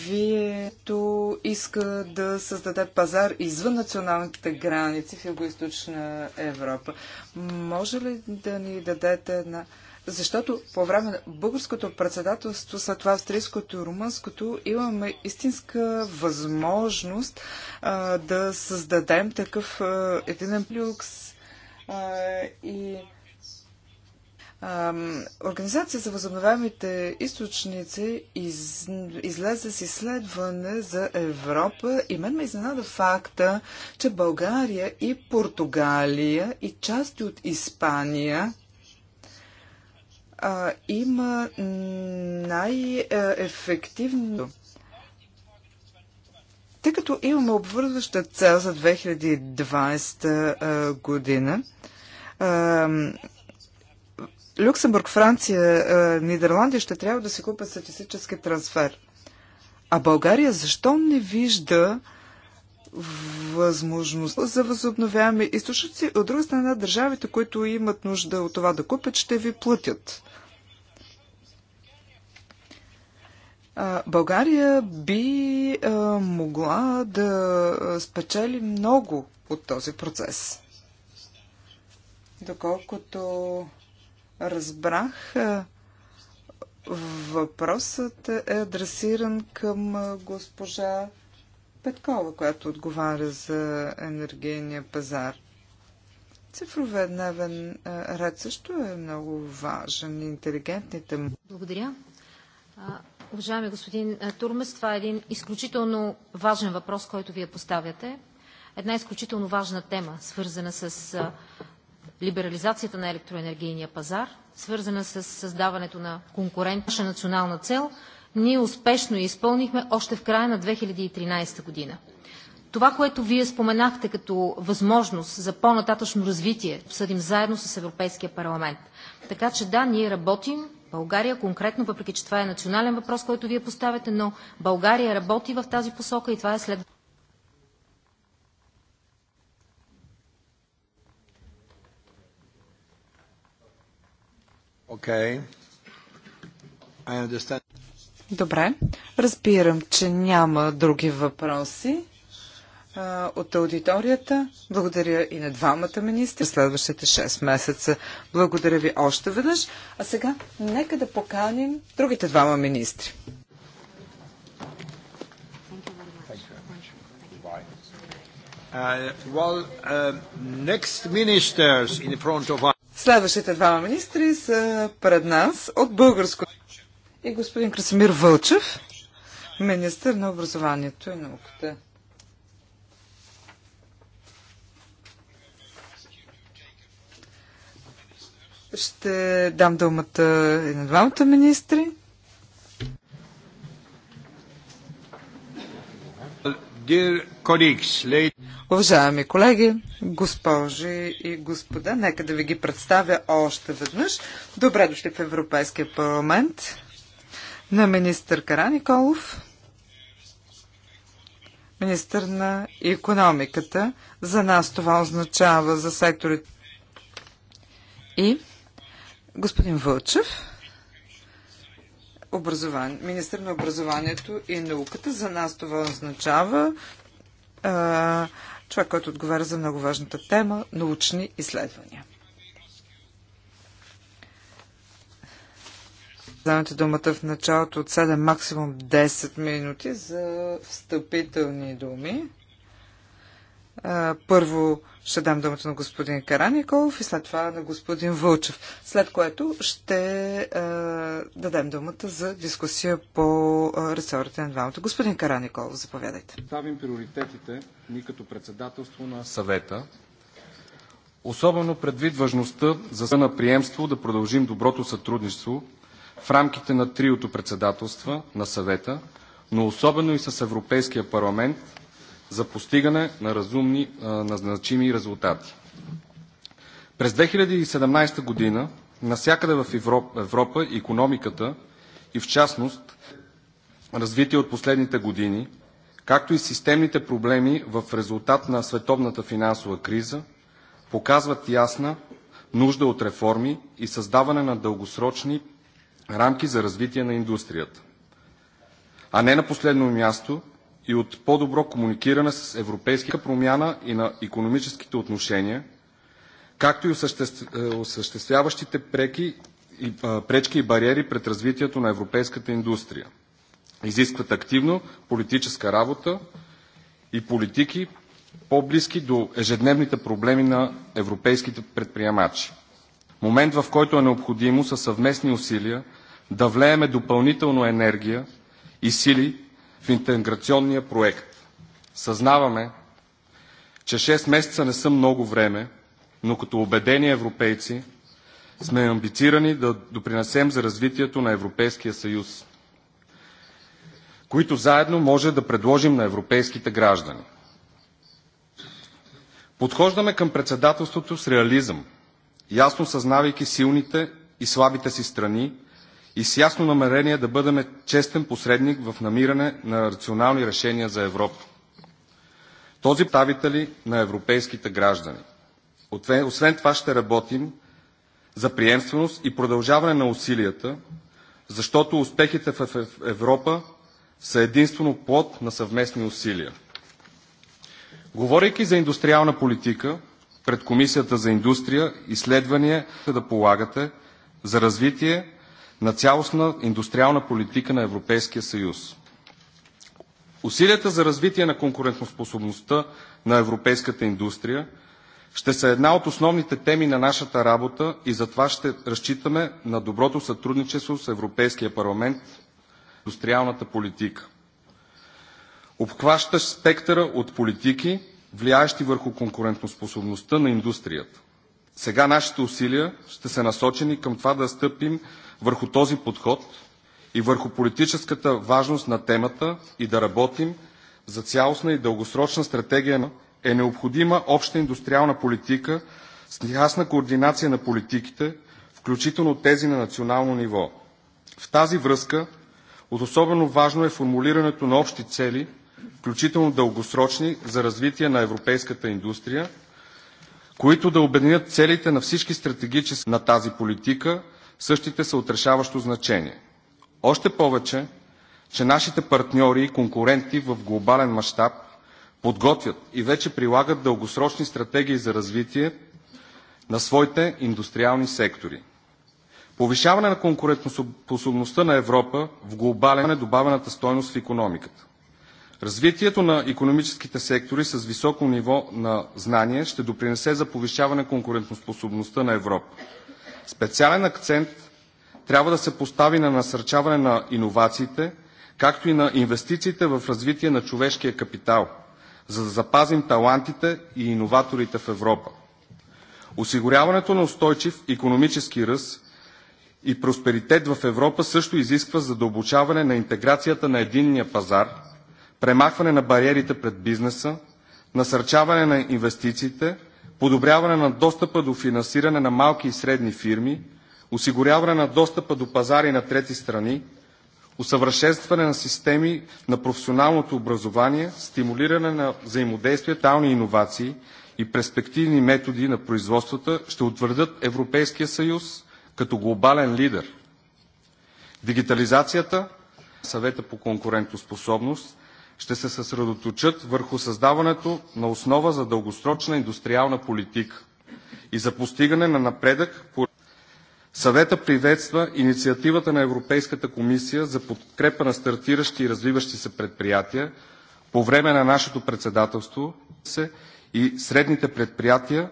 Вието иска да създаде пазар извън националните граници в Юго-Источна Европа. Може ли да ни дадете една... Защото по време на българското председателство, след това австрийското и румънското, имаме истинска възможност а, да създадем такъв а, един плюкс а, и Организация за възобновяемите източници из, излезе с изследване за Европа и мен ме изненада факта, че България и Португалия и части от Испания а, има най-ефективно. Тъй като имаме обвързваща цел за 2020 а, година, а, Люксембург, Франция, е, Нидерландия ще трябва да се купят статистически трансфер. А България защо не вижда възможността за възобновяеми източници? От друга страна, държавите, които имат нужда от това да купят, ще ви платят. България би могла да спечели много от този процес. Доколкото разбрах, е, въпросът е адресиран към е, госпожа Петкова, която отговаря за енергийния пазар. Цифровия дневен е, ред също е много важен. и Интелигентните му. Благодаря. Уважаеми господин Турмес, това е един изключително важен въпрос, който вие поставяте. Една изключително важна тема, свързана с либерализацията на електроенергийния пазар, свързана с създаването на конкурентна национална цел, ние успешно я изпълнихме още в края на 2013 година. Това, което Вие споменахте като възможност за по-нататъчно развитие, обсъдим заедно с Европейския парламент. Така че да, ние работим. България конкретно, въпреки че това е национален въпрос, който Вие поставяте, но България работи в тази посока и това е следващото. Добре. Разбирам, че няма други въпроси от аудиторията. Благодаря и на двамата министри следващите 6 месеца. Благодаря ви още веднъж. А сега нека да поканим другите двама министри. Uh, well, uh, next ministers in front of us. Следващите двама министри са пред нас от българско и господин Красимир Вълчев, министър на образованието и науката. Ще дам думата и на двамата министри. Уважаеми колеги, госпожи и господа, нека да ви ги представя още веднъж. Добре дошли в Европейския парламент на министър Караниколов, министър на економиката. За нас това означава за секторите и господин Вълчев образование, министър на образованието и науката. За нас това означава а, човек, който отговаря за много важната тема научни изследвания. Вземете думата в началото от 7, максимум 10 минути за встъпителни думи. Първо ще дам думата на господин Караников и след това на господин Вълчев, след което ще дадем думата за дискусия по ресорите на двамата. Господин Караников, заповядайте. Ставим приоритетите ни като председателство на съвета, особено предвид важността за на приемство да продължим доброто сътрудничество в рамките на триото председателства на съвета, но особено и с Европейския парламент – за постигане на разумни, на резултати. През 2017 година навсякъде в Европа економиката и в частност развитие от последните години, както и системните проблеми в резултат на световната финансова криза, показват ясна нужда от реформи и създаване на дългосрочни рамки за развитие на индустрията. А не на последно място, и от по-добро комуникиране с европейската промяна и на економическите отношения, както и е, осъществяващите преки и, пречки и бариери пред развитието на европейската индустрия. Изискват активно политическа работа и политики, по-близки до ежедневните проблеми на европейските предприемачи. Момент, в който е необходимо със съвместни усилия да влееме допълнително енергия и сили в интеграционния проект. Съзнаваме, че 6 месеца не са много време, но като убедени европейци сме амбицирани да допринесем за развитието на Европейския съюз, които заедно може да предложим на европейските граждани. Подхождаме към председателството с реализъм, ясно съзнавайки силните и слабите си страни – и с ясно намерение да бъдем честен посредник в намиране на рационални решения за Европа. Този представители на европейските граждани. Освен това ще работим за приемственост и продължаване на усилията, защото успехите в Европа са единствено плод на съвместни усилия. Говорейки за индустриална политика, пред Комисията за индустрия, изследвания да полагате за развитие на цялостна индустриална политика на Европейския съюз. Усилията за развитие на конкурентоспособността на европейската индустрия ще са една от основните теми на нашата работа и затова ще разчитаме на доброто сътрудничество с Европейския парламент и индустриалната политика. Обхващащ спектъра от политики, влияещи върху конкурентоспособността на индустрията. Сега нашите усилия ще са насочени към това да стъпим върху този подход и върху политическата важност на темата и да работим за цялостна и дългосрочна стратегия е необходима обща индустриална политика с ясна координация на политиките, включително тези на национално ниво. В тази връзка от особено важно е формулирането на общи цели, включително дългосрочни, за развитие на европейската индустрия, които да обединят целите на всички стратегически на тази политика същите са от решаващо значение. Още повече, че нашите партньори и конкуренти в глобален мащаб подготвят и вече прилагат дългосрочни стратегии за развитие на своите индустриални сектори. Повишаване на конкурентоспособността на Европа в глобален е добавената стойност в економиката. Развитието на економическите сектори с високо ниво на знание ще допринесе за повишаване конкурентоспособността на Европа. Специален акцент трябва да се постави на насърчаване на иновациите, както и на инвестициите в развитие на човешкия капитал, за да запазим талантите и иноваторите в Европа. Осигуряването на устойчив економически ръст и просперитет в Европа също изисква задълбочаване на интеграцията на единния пазар, премахване на бариерите пред бизнеса, насърчаване на инвестициите подобряване на достъпа до финансиране на малки и средни фирми, осигуряване на достъпа до пазари на трети страни, усъвършенстване на системи на професионалното образование, стимулиране на взаимодействието, иновации и перспективни методи на производствата ще утвърдят Европейския съюз като глобален лидер. Дигитализацията, Съвета по конкурентоспособност ще се съсредоточат върху създаването на основа за дългосрочна индустриална политика и за постигане на напредък Съвета приветства инициативата на Европейската комисия за подкрепа на стартиращи и развиващи се предприятия по време на нашето председателство и средните предприятия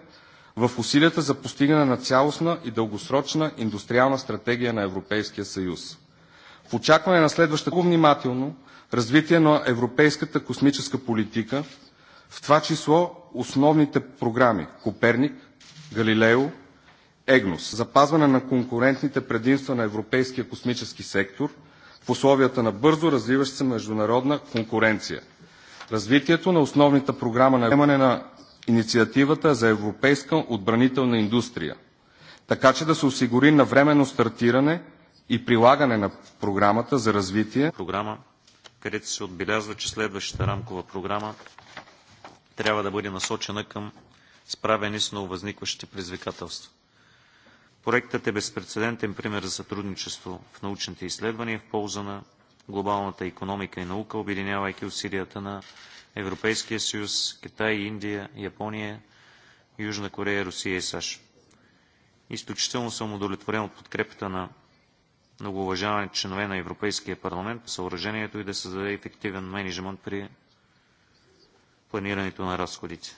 в усилията за постигане на цялостна и дългосрочна индустриална стратегия на Европейския съюз. В очакване на следващата внимателно развитие на европейската космическа политика, в това число основните програми „Коперник“, „Галилео“, „Егнос“, запазване на конкурентните предимства на европейския космически сектор в условията на бързо развиваща се международна конкуренция, развитието на основната програма на вземане на инициативата за европейска отбранителна индустрия, така че да се осигури навременно стартиране и прилагане на програмата за развитие. Програма, където се отбелязва, че следващата рамкова програма трябва да бъде насочена към справяне с нововъзникващите предизвикателства. Проектът е безпредседентен пример за сътрудничество в научните изследвания в полза на глобалната економика и наука, обединявайки усилията на Европейския съюз, Китай, Индия, Япония, Южна Корея, Русия и САЩ. Изключително съм удовлетворен от подкрепата на многоуважаваните членове на Европейския парламент по съоръжението и да създаде ефективен менеджмент при планирането на разходите,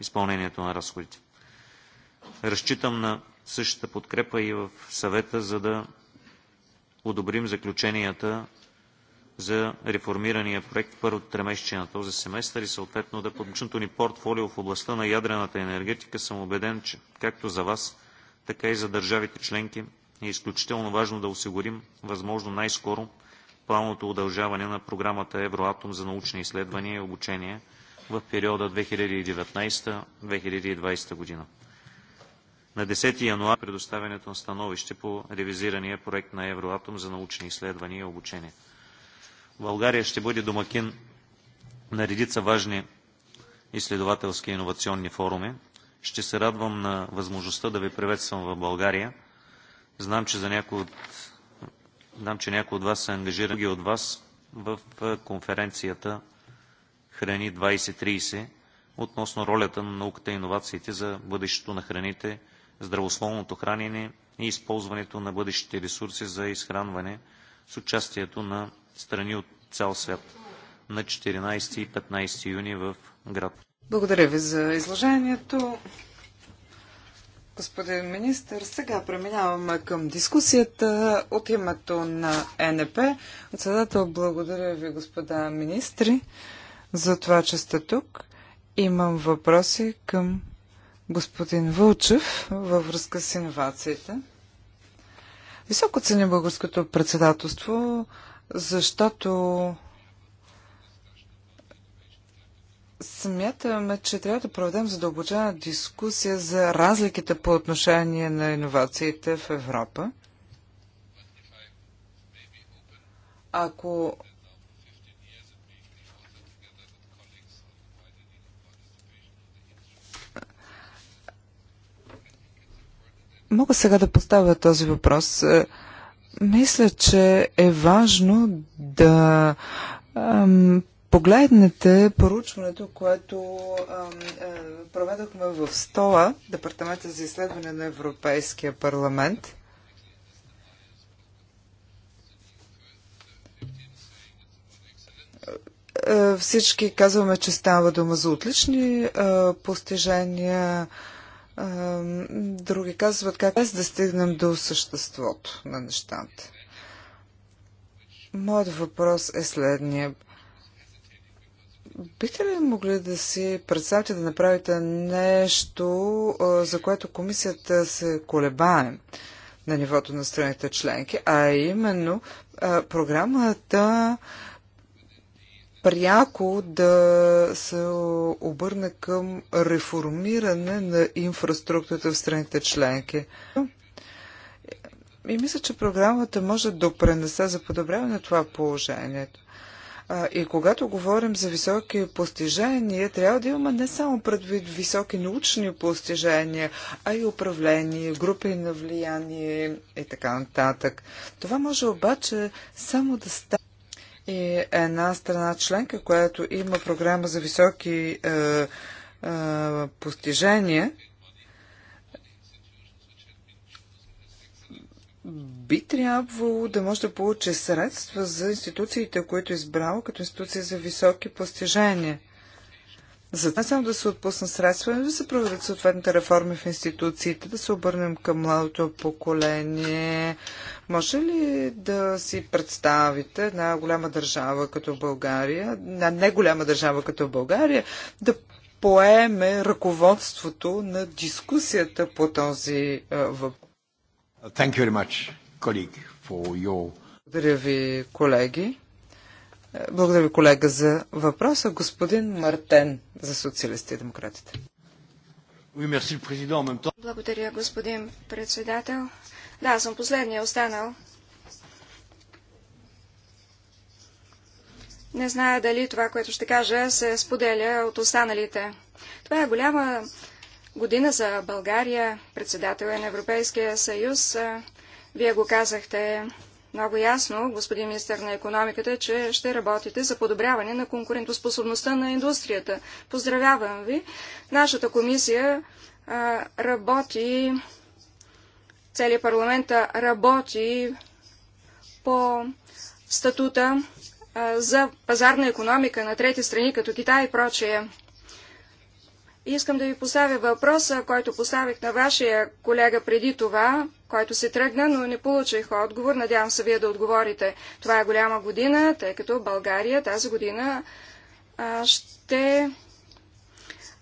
изпълнението на разходите. Разчитам на същата подкрепа и в съвета, за да одобрим заключенията за реформирания проект в първото тримесечие на този семестър и съответно да подключното ни портфолио в областта на ядрената енергетика съм убеден, че както за вас, така и за държавите членки е изключително важно да осигурим възможно най-скоро плавното удължаване на програмата Евроатом за научни изследвания и обучение в периода 2019-2020 година. На 10 януари предоставянето на становище по ревизирания проект на Евроатом за научни изследвания и обучение. България ще бъде домакин на редица важни изследователски и иновационни форуми. Ще се радвам на възможността да ви приветствам в България Знам, че за някои от Знам, че някои от вас са ангажирани други от вас в конференцията Храни 2030 относно ролята на науката и иновациите за бъдещето на храните, здравословното хранене и използването на бъдещите ресурси за изхранване с участието на страни от цял свят на 14 и 15 юни в град. Благодаря ви за изложението господин министр. Сега преминаваме към дискусията от името на НП. Председател, благодаря ви, господа министри, за това, че сте тук. Имам въпроси към господин Вълчев във връзка с инновациите. Високо ценя българското председателство, защото Смятаме, че трябва да проведем задълбочена дискусия за разликите по отношение на иновациите в Европа. Ако Мога сега да поставя този въпрос. Мисля, че е важно да погледнете поручването, което е, проведохме в СТОЛА, Департамента за изследване на Европейския парламент, е, всички казваме, че става дума за отлични а, е, постижения. А, други казват как без да стигнем до съществото на нещата. Моят въпрос е следния. Бихте ли могли да си представите да направите нещо, за което комисията се колебае на нивото на страните членки, а именно програмата пряко да се обърне към реформиране на инфраструктурата в страните членки? И мисля, че програмата може да допренесе за подобряване на това положението. И когато говорим за високи постижения, трябва да имаме не само предвид високи научни постижения, а и управление, групи на влияние и така нататък. Това може обаче само да стане и една страна членка, която има програма за високи е, е, постижения, би трябвало да може да получи средства за институциите, които е избрал като институции за високи постижения. За това само да се отпуснат средства, но да се проведат съответните реформи в институциите, да се обърнем към младото поколение. Може ли да си представите една голяма държава като България, една не голяма държава като България, да поеме ръководството на дискусията по този е, въпрос? Thank you very much. Благодаря ви, колеги. Благодаря ви, колега, за въпроса. Господин Мартен за социалисти и демократите. Благодаря, господин председател. Да, съм последния останал. Не зная дали това, което ще кажа, се споделя от останалите. Това е голяма година за България, председател е на Европейския съюз. Вие го казахте много ясно, господин министър на економиката, че ще работите за подобряване на конкурентоспособността на индустрията. Поздравявам ви! Нашата комисия а, работи, целият парламент работи по статута а, за пазарна економика на трети страни, като Китай и прочее. Искам да ви поставя въпроса, който поставих на вашия колега преди това, който си тръгна, но не получих отговор. Надявам се вие да отговорите. Това е голяма година, тъй като България тази година а, ще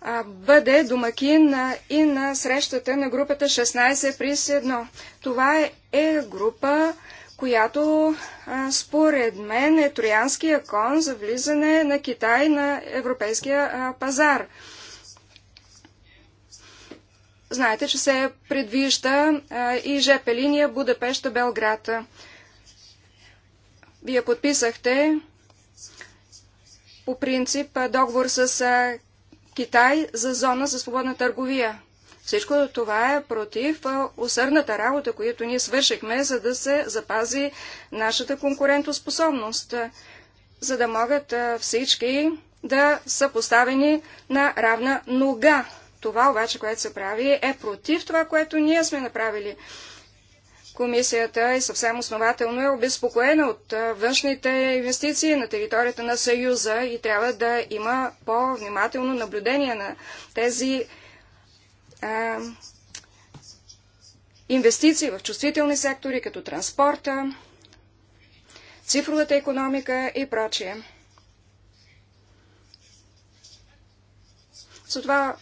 а, бъде домакин а, и на срещата на групата 16 при 1. Това е, е група, която а, според мен е троянския кон за влизане на Китай на европейския а, пазар. Знаете, че се предвижда и ЖП линия Будапешта-Белград. Вие подписахте по принцип договор с Китай за зона за свободна търговия. Всичко това е против усърдната работа, която ние свършихме, за да се запази нашата конкурентоспособност, за да могат всички да са поставени на равна нога това обаче, което се прави, е против това, което ние сме направили. Комисията и е съвсем основателно е обезпокоена от външните инвестиции на територията на Съюза и трябва да има по-внимателно наблюдение на тези а, инвестиции в чувствителни сектори, като транспорта, цифровата економика и прочие. Затова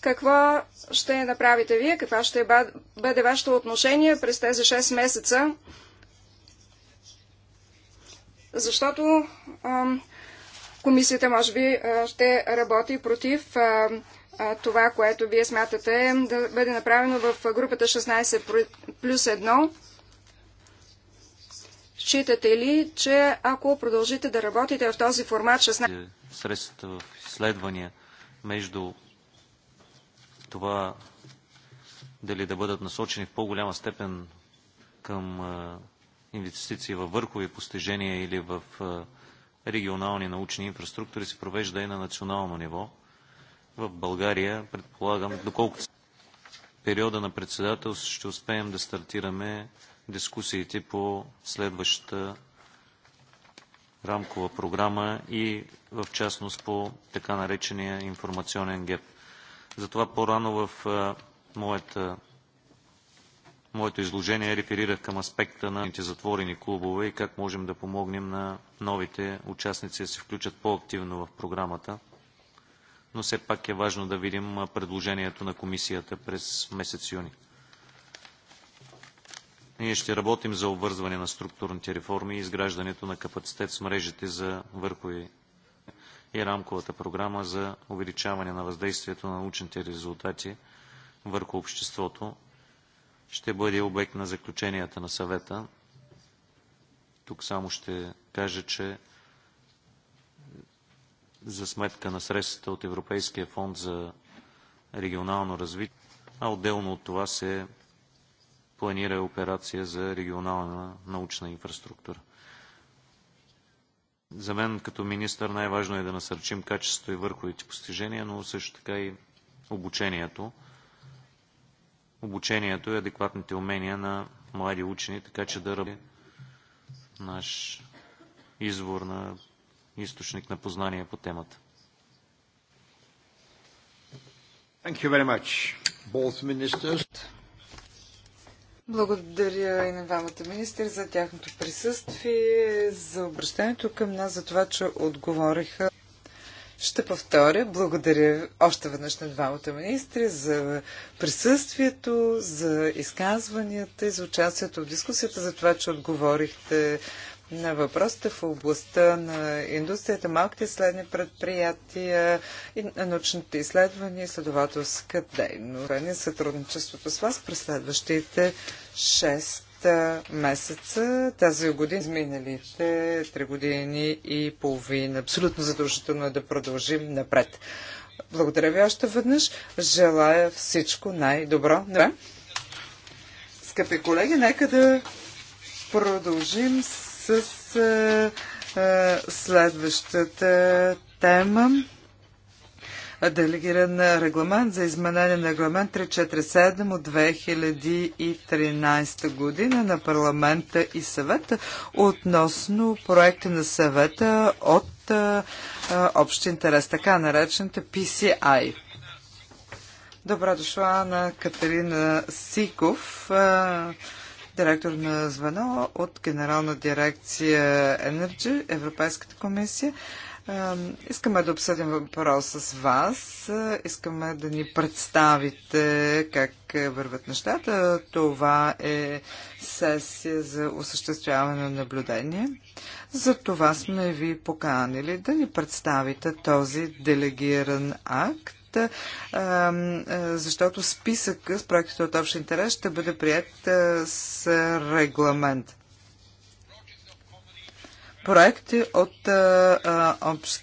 какво ще направите вие? Каква ще бъде вашето отношение през тези 6 месеца? Защото комисията може би ще работи против това, което вие смятате да бъде направено в групата 16 плюс 1. Считате ли, че ако продължите да работите в този формат 16... Средствата в изследвания между това дали да бъдат насочени в по-голяма степен към инвестиции във върхови постижения или в регионални научни инфраструктури се провежда и на национално ниво. В България, предполагам, доколкото периода на председателство ще успеем да стартираме дискусиите по следващата рамкова програма и в частност по така наречения информационен геп. Затова по-рано в моята, моето изложение реферирах към аспекта на затворени клубове и как можем да помогнем на новите участници да се включат по-активно в програмата. Но все пак е важно да видим предложението на комисията през месец юни. Ние ще работим за обвързване на структурните реформи и изграждането на капацитет с мрежите за върхови и рамковата програма за увеличаване на въздействието на научните резултати върху обществото ще бъде обект на заключенията на съвета. Тук само ще кажа, че за сметка на средствата от Европейския фонд за регионално развитие, а отделно от това се планира операция за регионална научна инфраструктура. За мен като министър най-важно е да насърчим качеството и върховите постижения, но също така и обучението. Обучението и адекватните умения на млади учени, така че да работи наш извор на източник на познание по темата. Thank you very much, both ministers. Благодаря и на двамата министри за тяхното присъствие, за обращението към нас, за това, че отговориха. Ще повторя. Благодаря още веднъж на двамата министри за присъствието, за изказванията и за участието в дискусията, за това, че отговорихте на въпросите в областта на индустрията, малките и средни предприятия, и научните изследвания, изследователска дейност. Ни сътрудничеството с вас през следващите 6 месеца тази година, изминалите 3 години и половина. Абсолютно задължително е да продължим напред. Благодаря ви още веднъж. Желая всичко най-добро. Скъпи колеги, нека да продължим с а, е, е, следващата тема делегиран регламент за изменение на регламент 347 от 2013 година на парламента и съвета относно проекта на съвета от а, е, общ интерес, така наречената PCI. Добре дошла на Катерина Сиков. А, директор на звено от Генерална дирекция енерджи Европейската комисия. Искаме да обсъдим въпрос с вас. Искаме да ни представите как върват нещата. Това е сесия за осъществяване на наблюдение. За това сме ви поканили да ни представите този делегиран акт е, защото списък с проектите от общ интерес ще бъде прият е, с регламент. Проекти от е, общ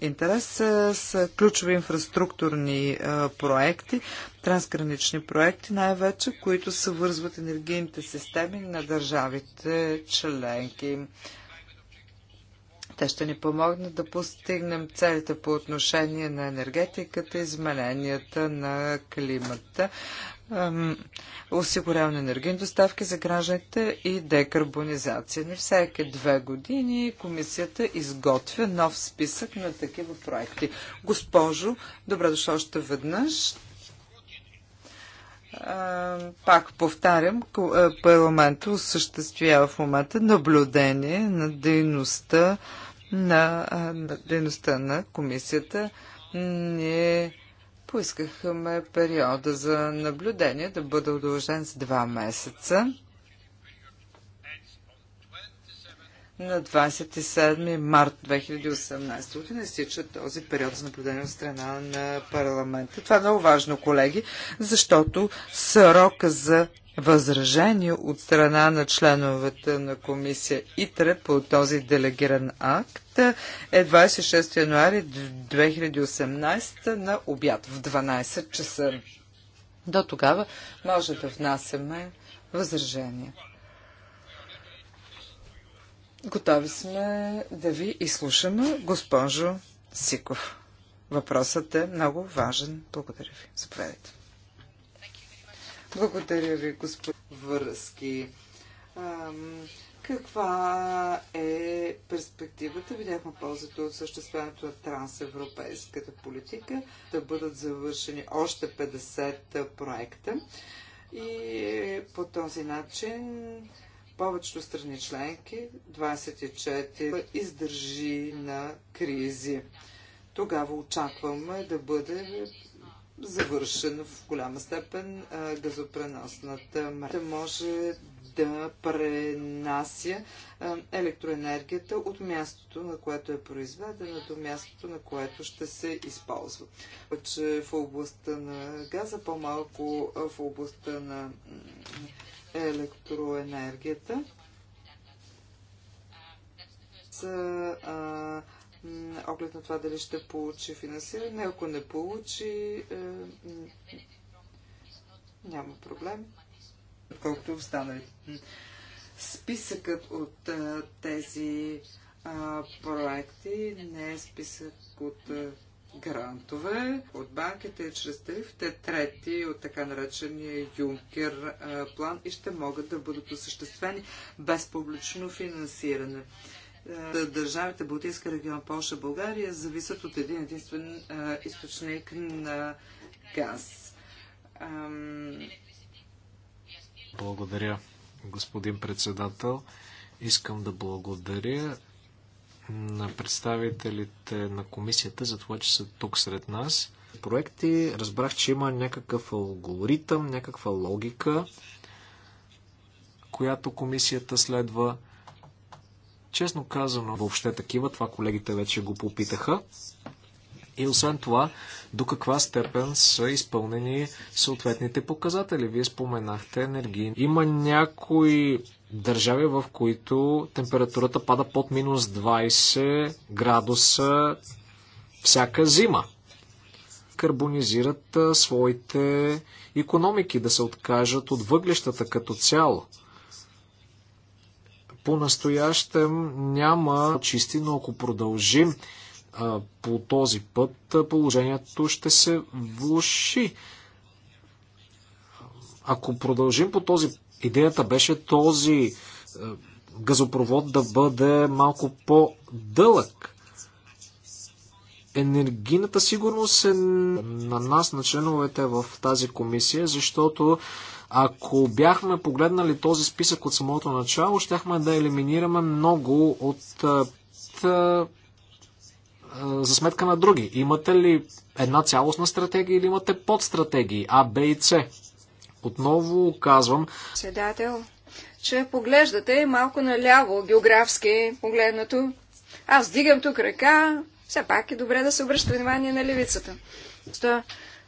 интерес с ключови инфраструктурни проекти, трансгранични проекти, най-вече, които съвързват енергийните системи на държавите членки. Те ще ни помогнат да постигнем целите по отношение на енергетиката, измененията на климата, осигуряване на енергийни доставки за гражданите и декарбонизация. На всеки две години комисията изготвя нов списък на такива проекти. Госпожо, добре дошло още веднъж пак повтарям, е, парламента осъществява в момента наблюдение на дейността на, дейността на комисията. Ние поискахме периода за наблюдение да бъде удължен с два месеца. На 27 март 2018 година изтича този период за наблюдение от страна на парламента. Това е много важно, колеги, защото срока за възражения от страна на членовете на комисия ИТРЕ по този делегиран акт е 26 януари 2018 на обяд в 12 часа. До тогава може да внасяме възражения. Готови сме да ви изслушаме, госпожо Сиков. Въпросът е много важен. Благодаря ви. Заповядайте. Благодаря ви, господин Връзки. Ам, каква е перспективата? Видяхме ползата от съществуването на трансевропейската политика. Да бъдат завършени още 50 проекта. И по този начин повечето страни членки, 24, издържи на кризи. Тогава очакваме да бъде завършен в голяма степен газопреносната мрежа. Може да пренася електроенергията от мястото, на което е произведена, до мястото, на което ще се използва. в областта на газа, по-малко в областта на електроенергията. Са, оглед на това дали ще получи финансиране. Ако не получи, е, няма проблем. Колкото останали. Списъкът от е, тези проекти не е списък от е, грантове от банките чрез тарифите трети от така наречения Юнкер план и ще могат да бъдат осъществени без публично финансиране. Е, държавите Балтийска регион, Польша, България зависят от един единствен е, източник на газ. Благодаря, господин председател. Искам да благодаря на представителите на комисията за това, че са тук сред нас. Проекти разбрах, че има някакъв алгоритъм, някаква логика, която комисията следва. Честно казано, въобще такива, това колегите вече го попитаха. И освен това, до каква степен са изпълнени съответните показатели? Вие споменахте енергии. Има някои държави, в които температурата пада под минус 20 градуса всяка зима. Карбонизират своите економики, да се откажат от въглищата като цяло. По-настоящем няма чисти, но ако продължим по този път, положението ще се влуши. Ако продължим по този идеята беше този газопровод да бъде малко по-дълъг. Енергийната сигурност е на нас, на членовете в тази комисия, защото ако бяхме погледнали този списък от самото начало, щяхме да елиминираме много от, за сметка на други. Имате ли една цялостна стратегия или имате подстратегии А, Б и С? Отново казвам. Председател, че поглеждате малко наляво географски погледнато. Аз дигам тук ръка, все пак е добре да се обръща внимание на левицата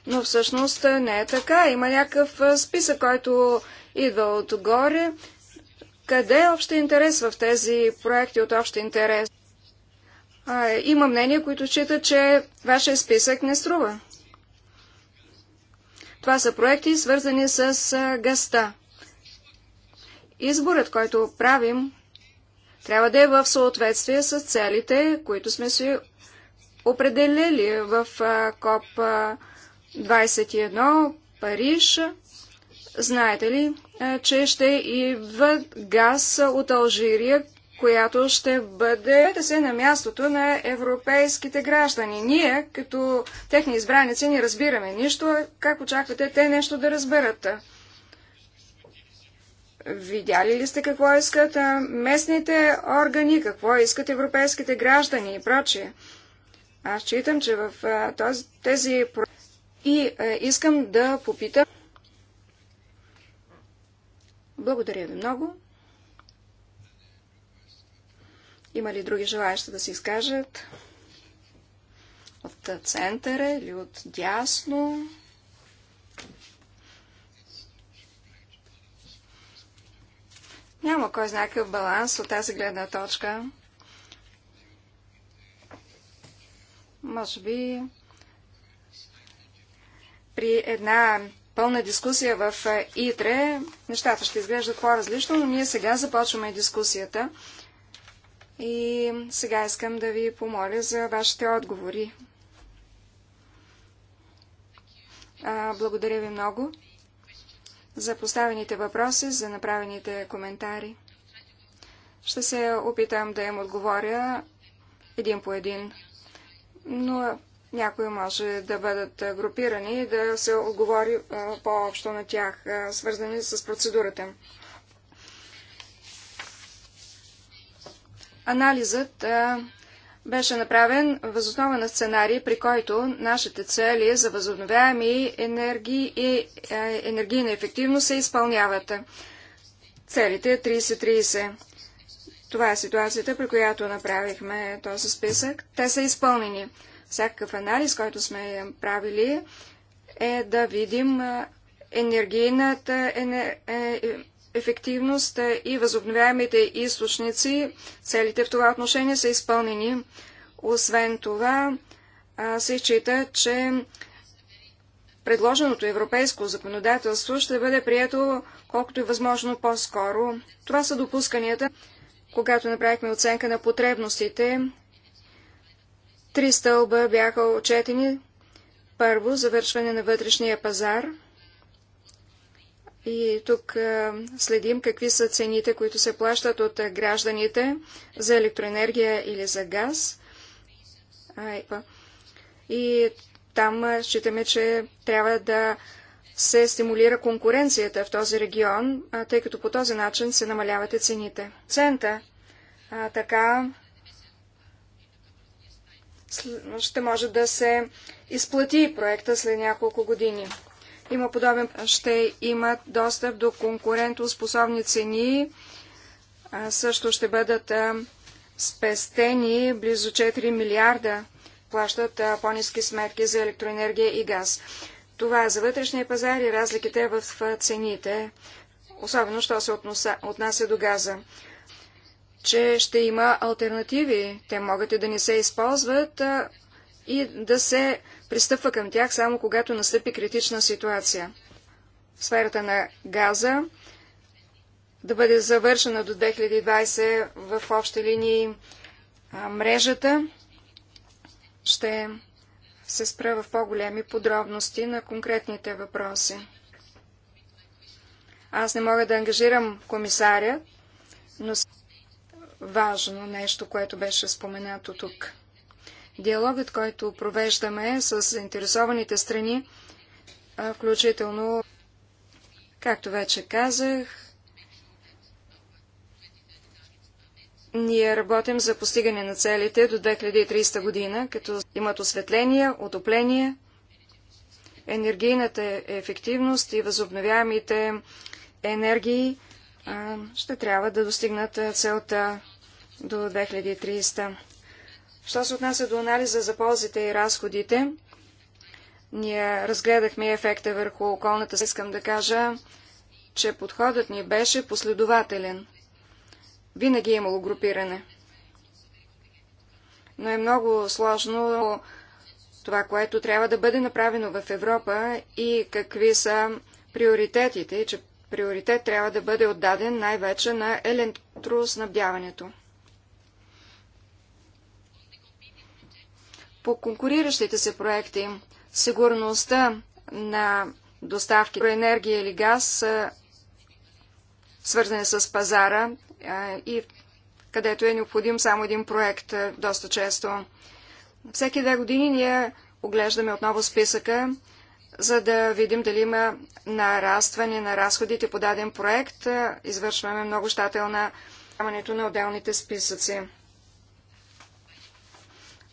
но всъщност не е така. Има някакъв списък, който идва отгоре. Къде е общ интерес в тези проекти от общ интерес? А, има мнения, които считат, че вашия списък не струва. Това са проекти, свързани с гъста. Изборът, който правим, трябва да е в съответствие с целите, които сме си определили в КОП 21, Париж. Знаете ли, е, че ще идва газ от Алжирия, която ще бъде да се на мястото на европейските граждани. Ние, като техни избраници, не разбираме нищо. Как очаквате те нещо да разберат? Видяли ли сте какво искат е, местните органи, какво искат европейските граждани и прочие? Аз читам, че в е, този, тези и е, искам да попитам. Благодаря ви много. Има ли други желаящи да се изкажат? От центъра или от дясно? Няма кой знае какъв баланс от тази гледна точка. Може би при една пълна дискусия в ИТРЕ нещата ще изглеждат по-различно, но ние сега започваме дискусията. И сега искам да ви помоля за вашите отговори. А, благодаря ви много за поставените въпроси, за направените коментари. Ще се опитам да им отговоря един по един. Но някои може да бъдат групирани и да се отговори по-общо на тях, свързани с процедурата. Анализът беше направен възоснова на сценарий, при който нашите цели за възобновяеми енергии и енергийна ефективност се изпълняват. Целите 30-30. Е Това е ситуацията, при която направихме този списък. Те са изпълнени всякакъв анализ, който сме правили, е да видим енергийната е, ефективност и възобновяемите източници. Целите в това отношение са изпълнени. Освен това, се счита, че предложеното европейско законодателство ще бъде прието колкото е възможно по-скоро. Това са допусканията. Когато направихме оценка на потребностите, Три стълба бяха отчетени. Първо, завършване на вътрешния пазар. И тук следим какви са цените, които се плащат от гражданите за електроенергия или за газ. И там считаме, че трябва да се стимулира конкуренцията в този регион, тъй като по този начин се намаляват и цените. Цента. А, така ще може да се изплати проекта след няколко години. Има подобен, ще имат достъп до конкурентоспособни цени, а също ще бъдат а, спестени близо 4 милиарда, плащат по-низки сметки за електроенергия и газ. Това е за вътрешния пазар и разликите в цените, особено що се отнася до газа че ще има альтернативи. Те могат и да не се използват а, и да се пристъпва към тях само когато настъпи критична ситуация. В сферата на газа да бъде завършена до 2020 в общи линии а, мрежата. Ще се спра в по-големи подробности на конкретните въпроси. Аз не мога да ангажирам комисаря, но важно нещо, което беше споменато тук. Диалогът, който провеждаме с заинтересованите страни, включително, както вече казах, ние работим за постигане на целите до 2030 година, като имат осветление, отопление, енергийната ефективност и възобновяемите енергии ще трябва да достигнат целта до 2300. Що се отнася до анализа за ползите и разходите, ние разгледахме ефекта върху околната. Искам да кажа, че подходът ни беше последователен. Винаги е имало групиране. Но е много сложно това, което трябва да бъде направено в Европа и какви са приоритетите, че приоритет трябва да бъде отдаден най-вече на електроснабдяването. По конкуриращите се проекти, сигурността на доставки про енергия или газ, свързани с пазара и където е необходим само един проект доста често. Всеки две години ние оглеждаме отново списъка за да видим дали има нарастване на разходите по даден проект. Е, извършваме много щателна приемането на отделните списъци.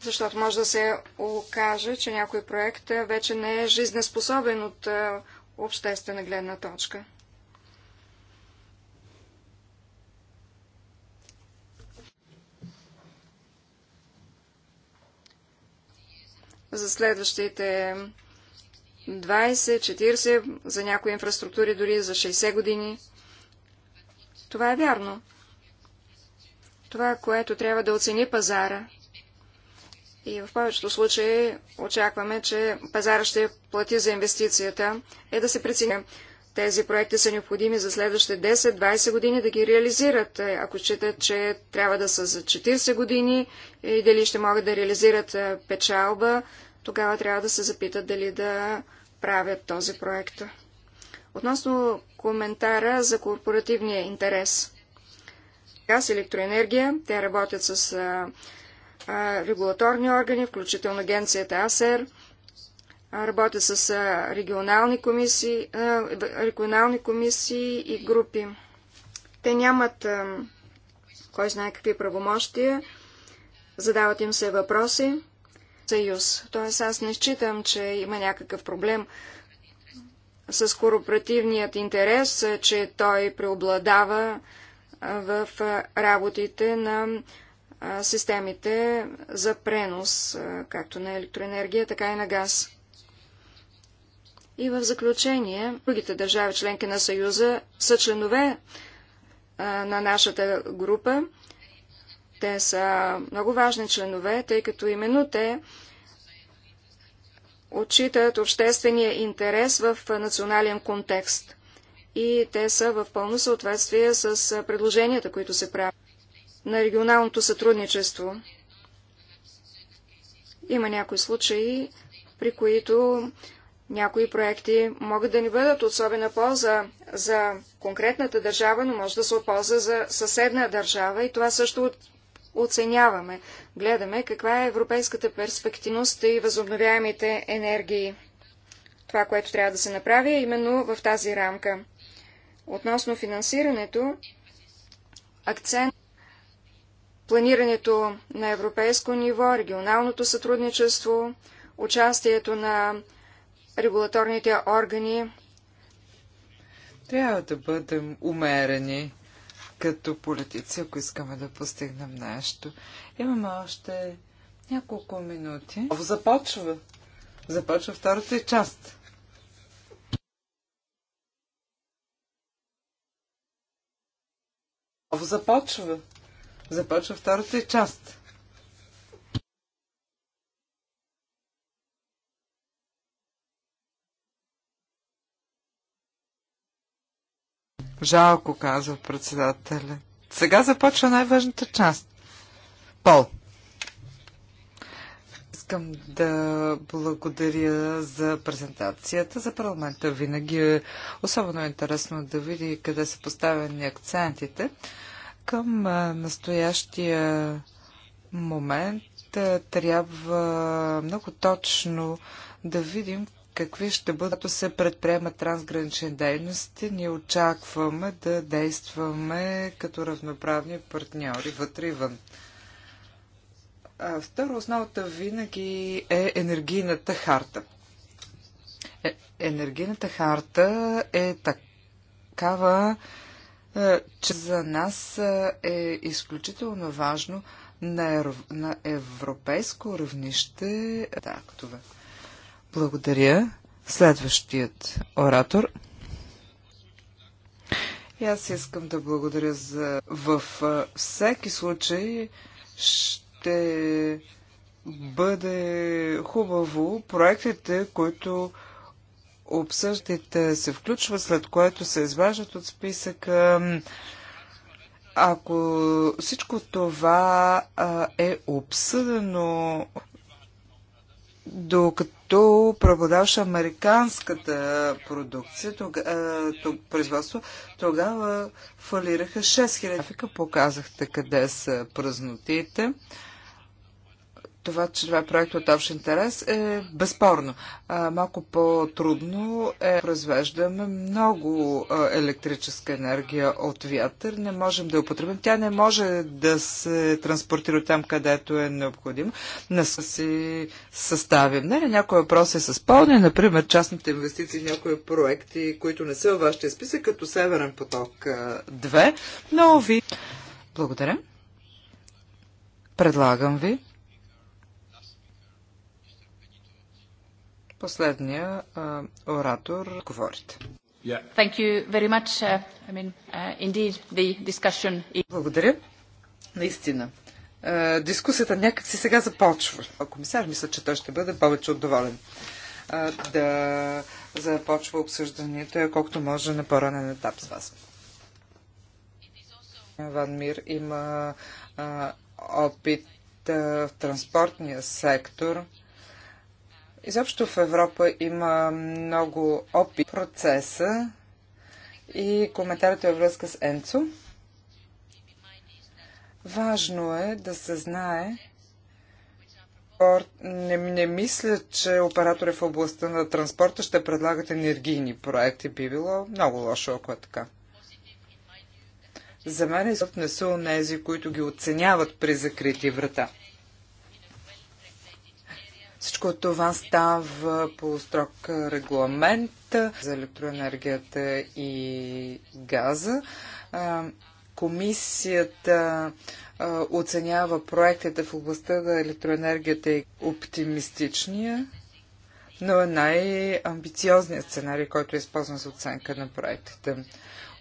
Защото може да се окаже, че някой проект е, вече не е жизнеспособен от е, обществена гледна точка. За следващите 20, 40, за някои инфраструктури дори за 60 години. Това е вярно. Това, което трябва да оцени пазара. И в повечето случаи очакваме, че пазара ще плати за инвестицията, е да се прецени. Тези проекти са необходими за следващите 10-20 години да ги реализират. Е, ако считат, че трябва да са за 40 години и дали ще могат да реализират е, печалба, тогава трябва да се запитат дали да правят този проект. Относно коментара за корпоративния интерес. Газ, електроенергия, те работят с а, а, регулаторни органи, включително агенцията АСЕР, работят с а, регионални, комисии, а, регионални комисии и групи. Те нямат а, кой знае какви правомощия, задават им се въпроси съюз. Тоест аз не считам, че има някакъв проблем с корпоративният интерес, че той преобладава в работите на системите за пренос, както на електроенергия, така и на газ. И в заключение, другите държави членки на Съюза са членове на нашата група те са много важни членове, тъй като именно те отчитат обществения интерес в национален контекст. И те са в пълно съответствие с предложенията, които се правят на регионалното сътрудничество. Има някои случаи, при които някои проекти могат да ни бъдат особена полза за конкретната държава, но може да се полза за съседна държава и това също оценяваме. Гледаме каква е европейската перспективност и възобновяемите енергии. Това, което трябва да се направи е именно в тази рамка. Относно финансирането, акцент планирането на европейско ниво, регионалното сътрудничество, участието на регулаторните органи. Трябва да бъдем умерени като политици, ако искаме да постигнем нещо. Имаме още няколко минути. Започва. Започва втората част. Започва. Започва втората част. Жалко, казва председателя. Сега започва най-важната част. Пол. Искам да благодаря за презентацията за парламента. Винаги е особено интересно да види къде са поставени акцентите. Към настоящия момент трябва много точно да видим какви ще бъдат, като се предприемат трансгранични дейности, ние очакваме да действаме като равноправни партньори вътре и вън. Второ, основата винаги е енергийната харта. Е, енергийната харта е такава, е, че за нас е, е изключително важно на, на европейско равнище да благодаря. Следващият оратор. И аз искам да благодаря за... Във всеки случай ще бъде хубаво проектите, които обсъждате, се включват, след което се изваждат от списъка. Ако всичко това е обсъдено, докато който преобладаваше американската продукция, тога, тог, производство, тогава фалираха 6000. Показахте къде са празнотите това, че това е проект от общ интерес е безспорно. малко по-трудно е произвеждаме много електрическа енергия от вятър. Не можем да я употребим. Тя не може да се транспортира там, където е необходимо. Не са си съставим. Не, не някои въпроси са спълни, например, частните инвестиции, някои проекти, които не са във вашия списък, като Северен поток 2. Но ви... Благодаря. Предлагам ви Последния а, оратор говорите. Yeah. Thank you very much. Uh, I mean, uh, indeed, the discussion... Благодаря. Наистина. Uh, дискусията си сега започва. комисар мисля, че той ще бъде повече от доволен uh, да започва обсъждането, е, колкото може на по-ранен етап с вас. Ван Мир има а, опит а, в транспортния сектор. Изобщо в Европа има много опит процеса и коментарите във връзка с Енцо. Важно е да се знае, не, не мисля, че оператори в областта на транспорта ще предлагат енергийни проекти. Би било много лошо, ако е така. За мен изобщо не са онези, които ги оценяват при закрити врата. Всичко това става по строг регламент за електроенергията и газа. Комисията оценява проектите в областта на електроенергията и оптимистичния, но е най-амбициозният сценарий, който е използван за оценка на проектите.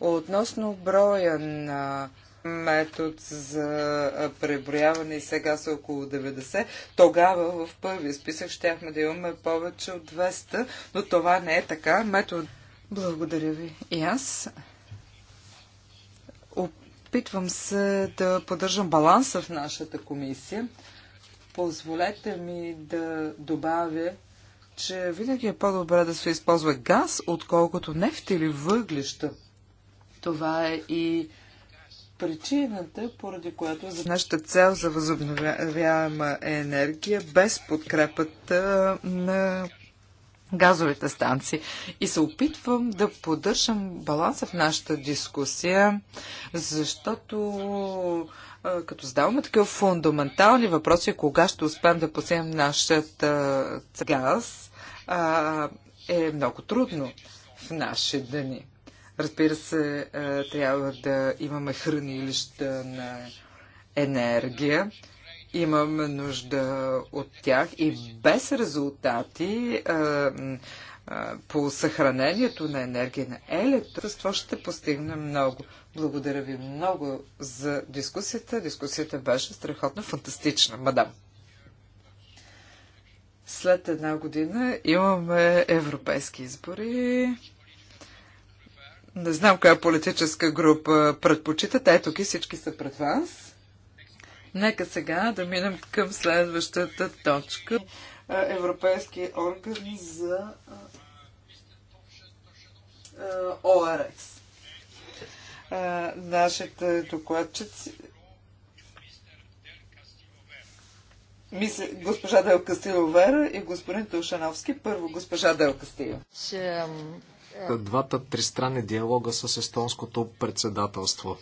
Относно броя на метод за преброяване и сега са около 90. Тогава в първия списък щяхме да имаме повече от 200, но това не е така. Метод... Благодаря ви. И аз опитвам се да поддържам баланса в нашата комисия. Позволете ми да добавя, че винаги е по-добре да се използва газ, отколкото нефт или въглища. Това е и причината, поради която е за нашата цел за възобновяема енергия без подкрепата на газовите станции. И се опитвам да поддържам баланса в нашата дискусия, защото като задаваме такива фундаментални въпроси, кога ще успеем да посеем нашата газ, е много трудно в наши дни. Разбира се, е, трябва да имаме хранилища на енергия. Имаме нужда от тях и без резултати е, е, по съхранението на енергия на електричество ще постигнем много. Благодаря ви много за дискусията. Дискусията беше страхотно фантастична, мадам. След една година имаме европейски избори. Не знам коя политическа група предпочитате. Ето ки всички са пред вас. Нека сега да минем към следващата точка. Европейски орган за ОРС. Нашите докладчици госпожа Дел Кастиловера и господин Тушановски. Първо госпожа Дел Кастило. Е, двата тристранни диалога с естонското председателство.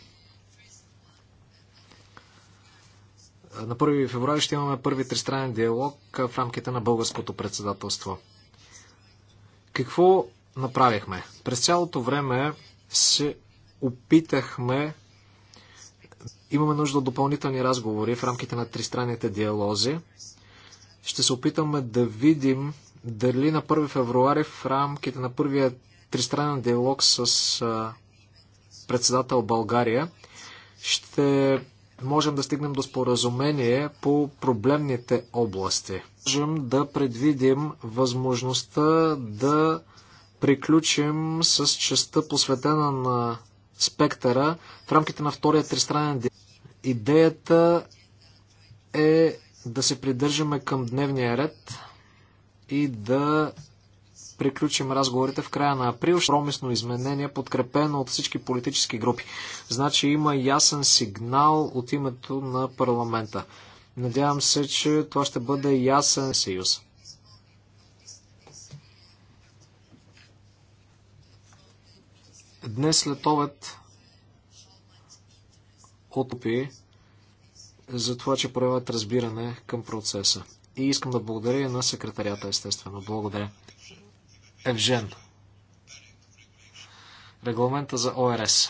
Е, на 1 февруари ще имаме първи тристранен диалог е, в рамките на българското председателство. Какво направихме? През цялото време се опитахме имаме нужда от допълнителни разговори в рамките на тристранните диалози. Ще се опитаме да видим дали на 1 февруари в рамките на първия тристранен диалог с председател България, ще можем да стигнем до споразумение по проблемните области. Можем да предвидим възможността да приключим с частта посветена на спектъра в рамките на втория тристранен диалог. Идеята е да се придържаме към дневния ред и да приключим разговорите в края на април. Промисно изменение, подкрепено от всички политически групи. Значи има ясен сигнал от името на парламента. Надявам се, че това ще бъде ясен съюз. Днес след обед отопи за това, че проявят разбиране към процеса. И искам да благодаря и на секретарията, естествено. Благодаря. Евжен. Регламента за ОРС.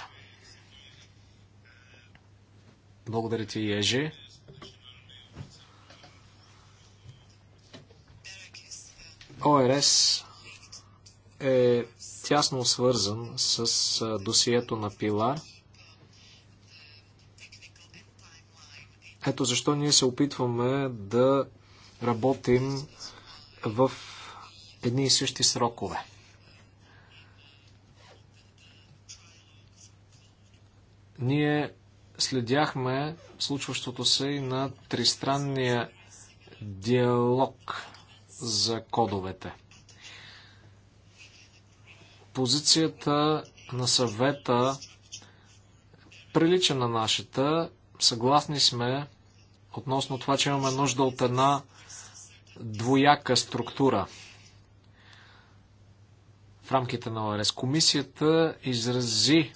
Благодаря ти, Ежи. ОРС е тясно свързан с досието на Пилар. Ето защо ние се опитваме да работим в едни и същи срокове. Ние следяхме случващото се и на тристранния диалог за кодовете. Позицията на съвета прилича на нашата. Съгласни сме относно това, че имаме нужда от една двояка структура в рамките на ОРС. Комисията изрази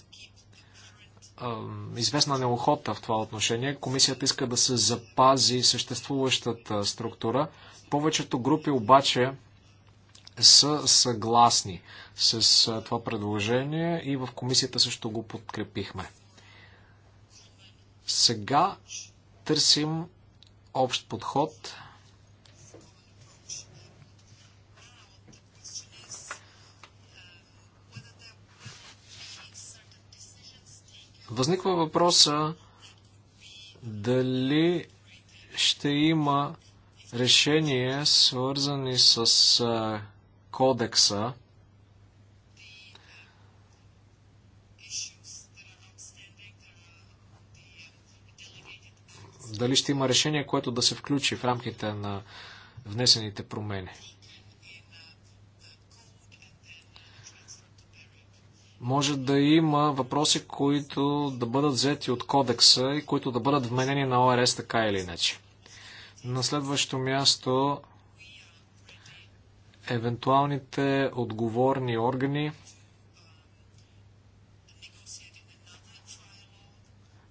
известна неохота в това отношение. Комисията иска да се запази съществуващата структура. Повечето групи обаче са съгласни с това предложение и в комисията също го подкрепихме. Сега търсим общ подход Възниква въпроса дали ще има решение, свързани с а, кодекса. Дали ще има решение, което да се включи в рамките на внесените промени. Може да има въпроси, които да бъдат взети от кодекса и които да бъдат вменени на ОРС така или иначе. На следващо място евентуалните отговорни органи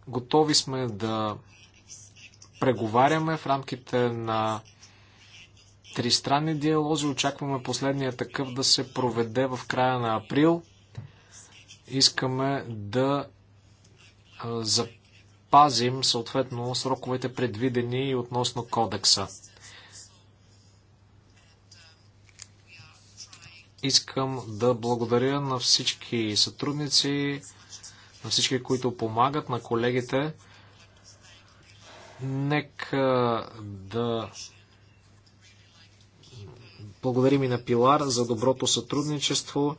готови сме да преговаряме в рамките на тристранни диалози. Очакваме последния такъв да се проведе в края на април искаме да запазим съответно сроковете предвидени относно кодекса. Искам да благодаря на всички сътрудници, на всички, които помагат, на колегите. Нека да благодарим и на Пилар за доброто сътрудничество.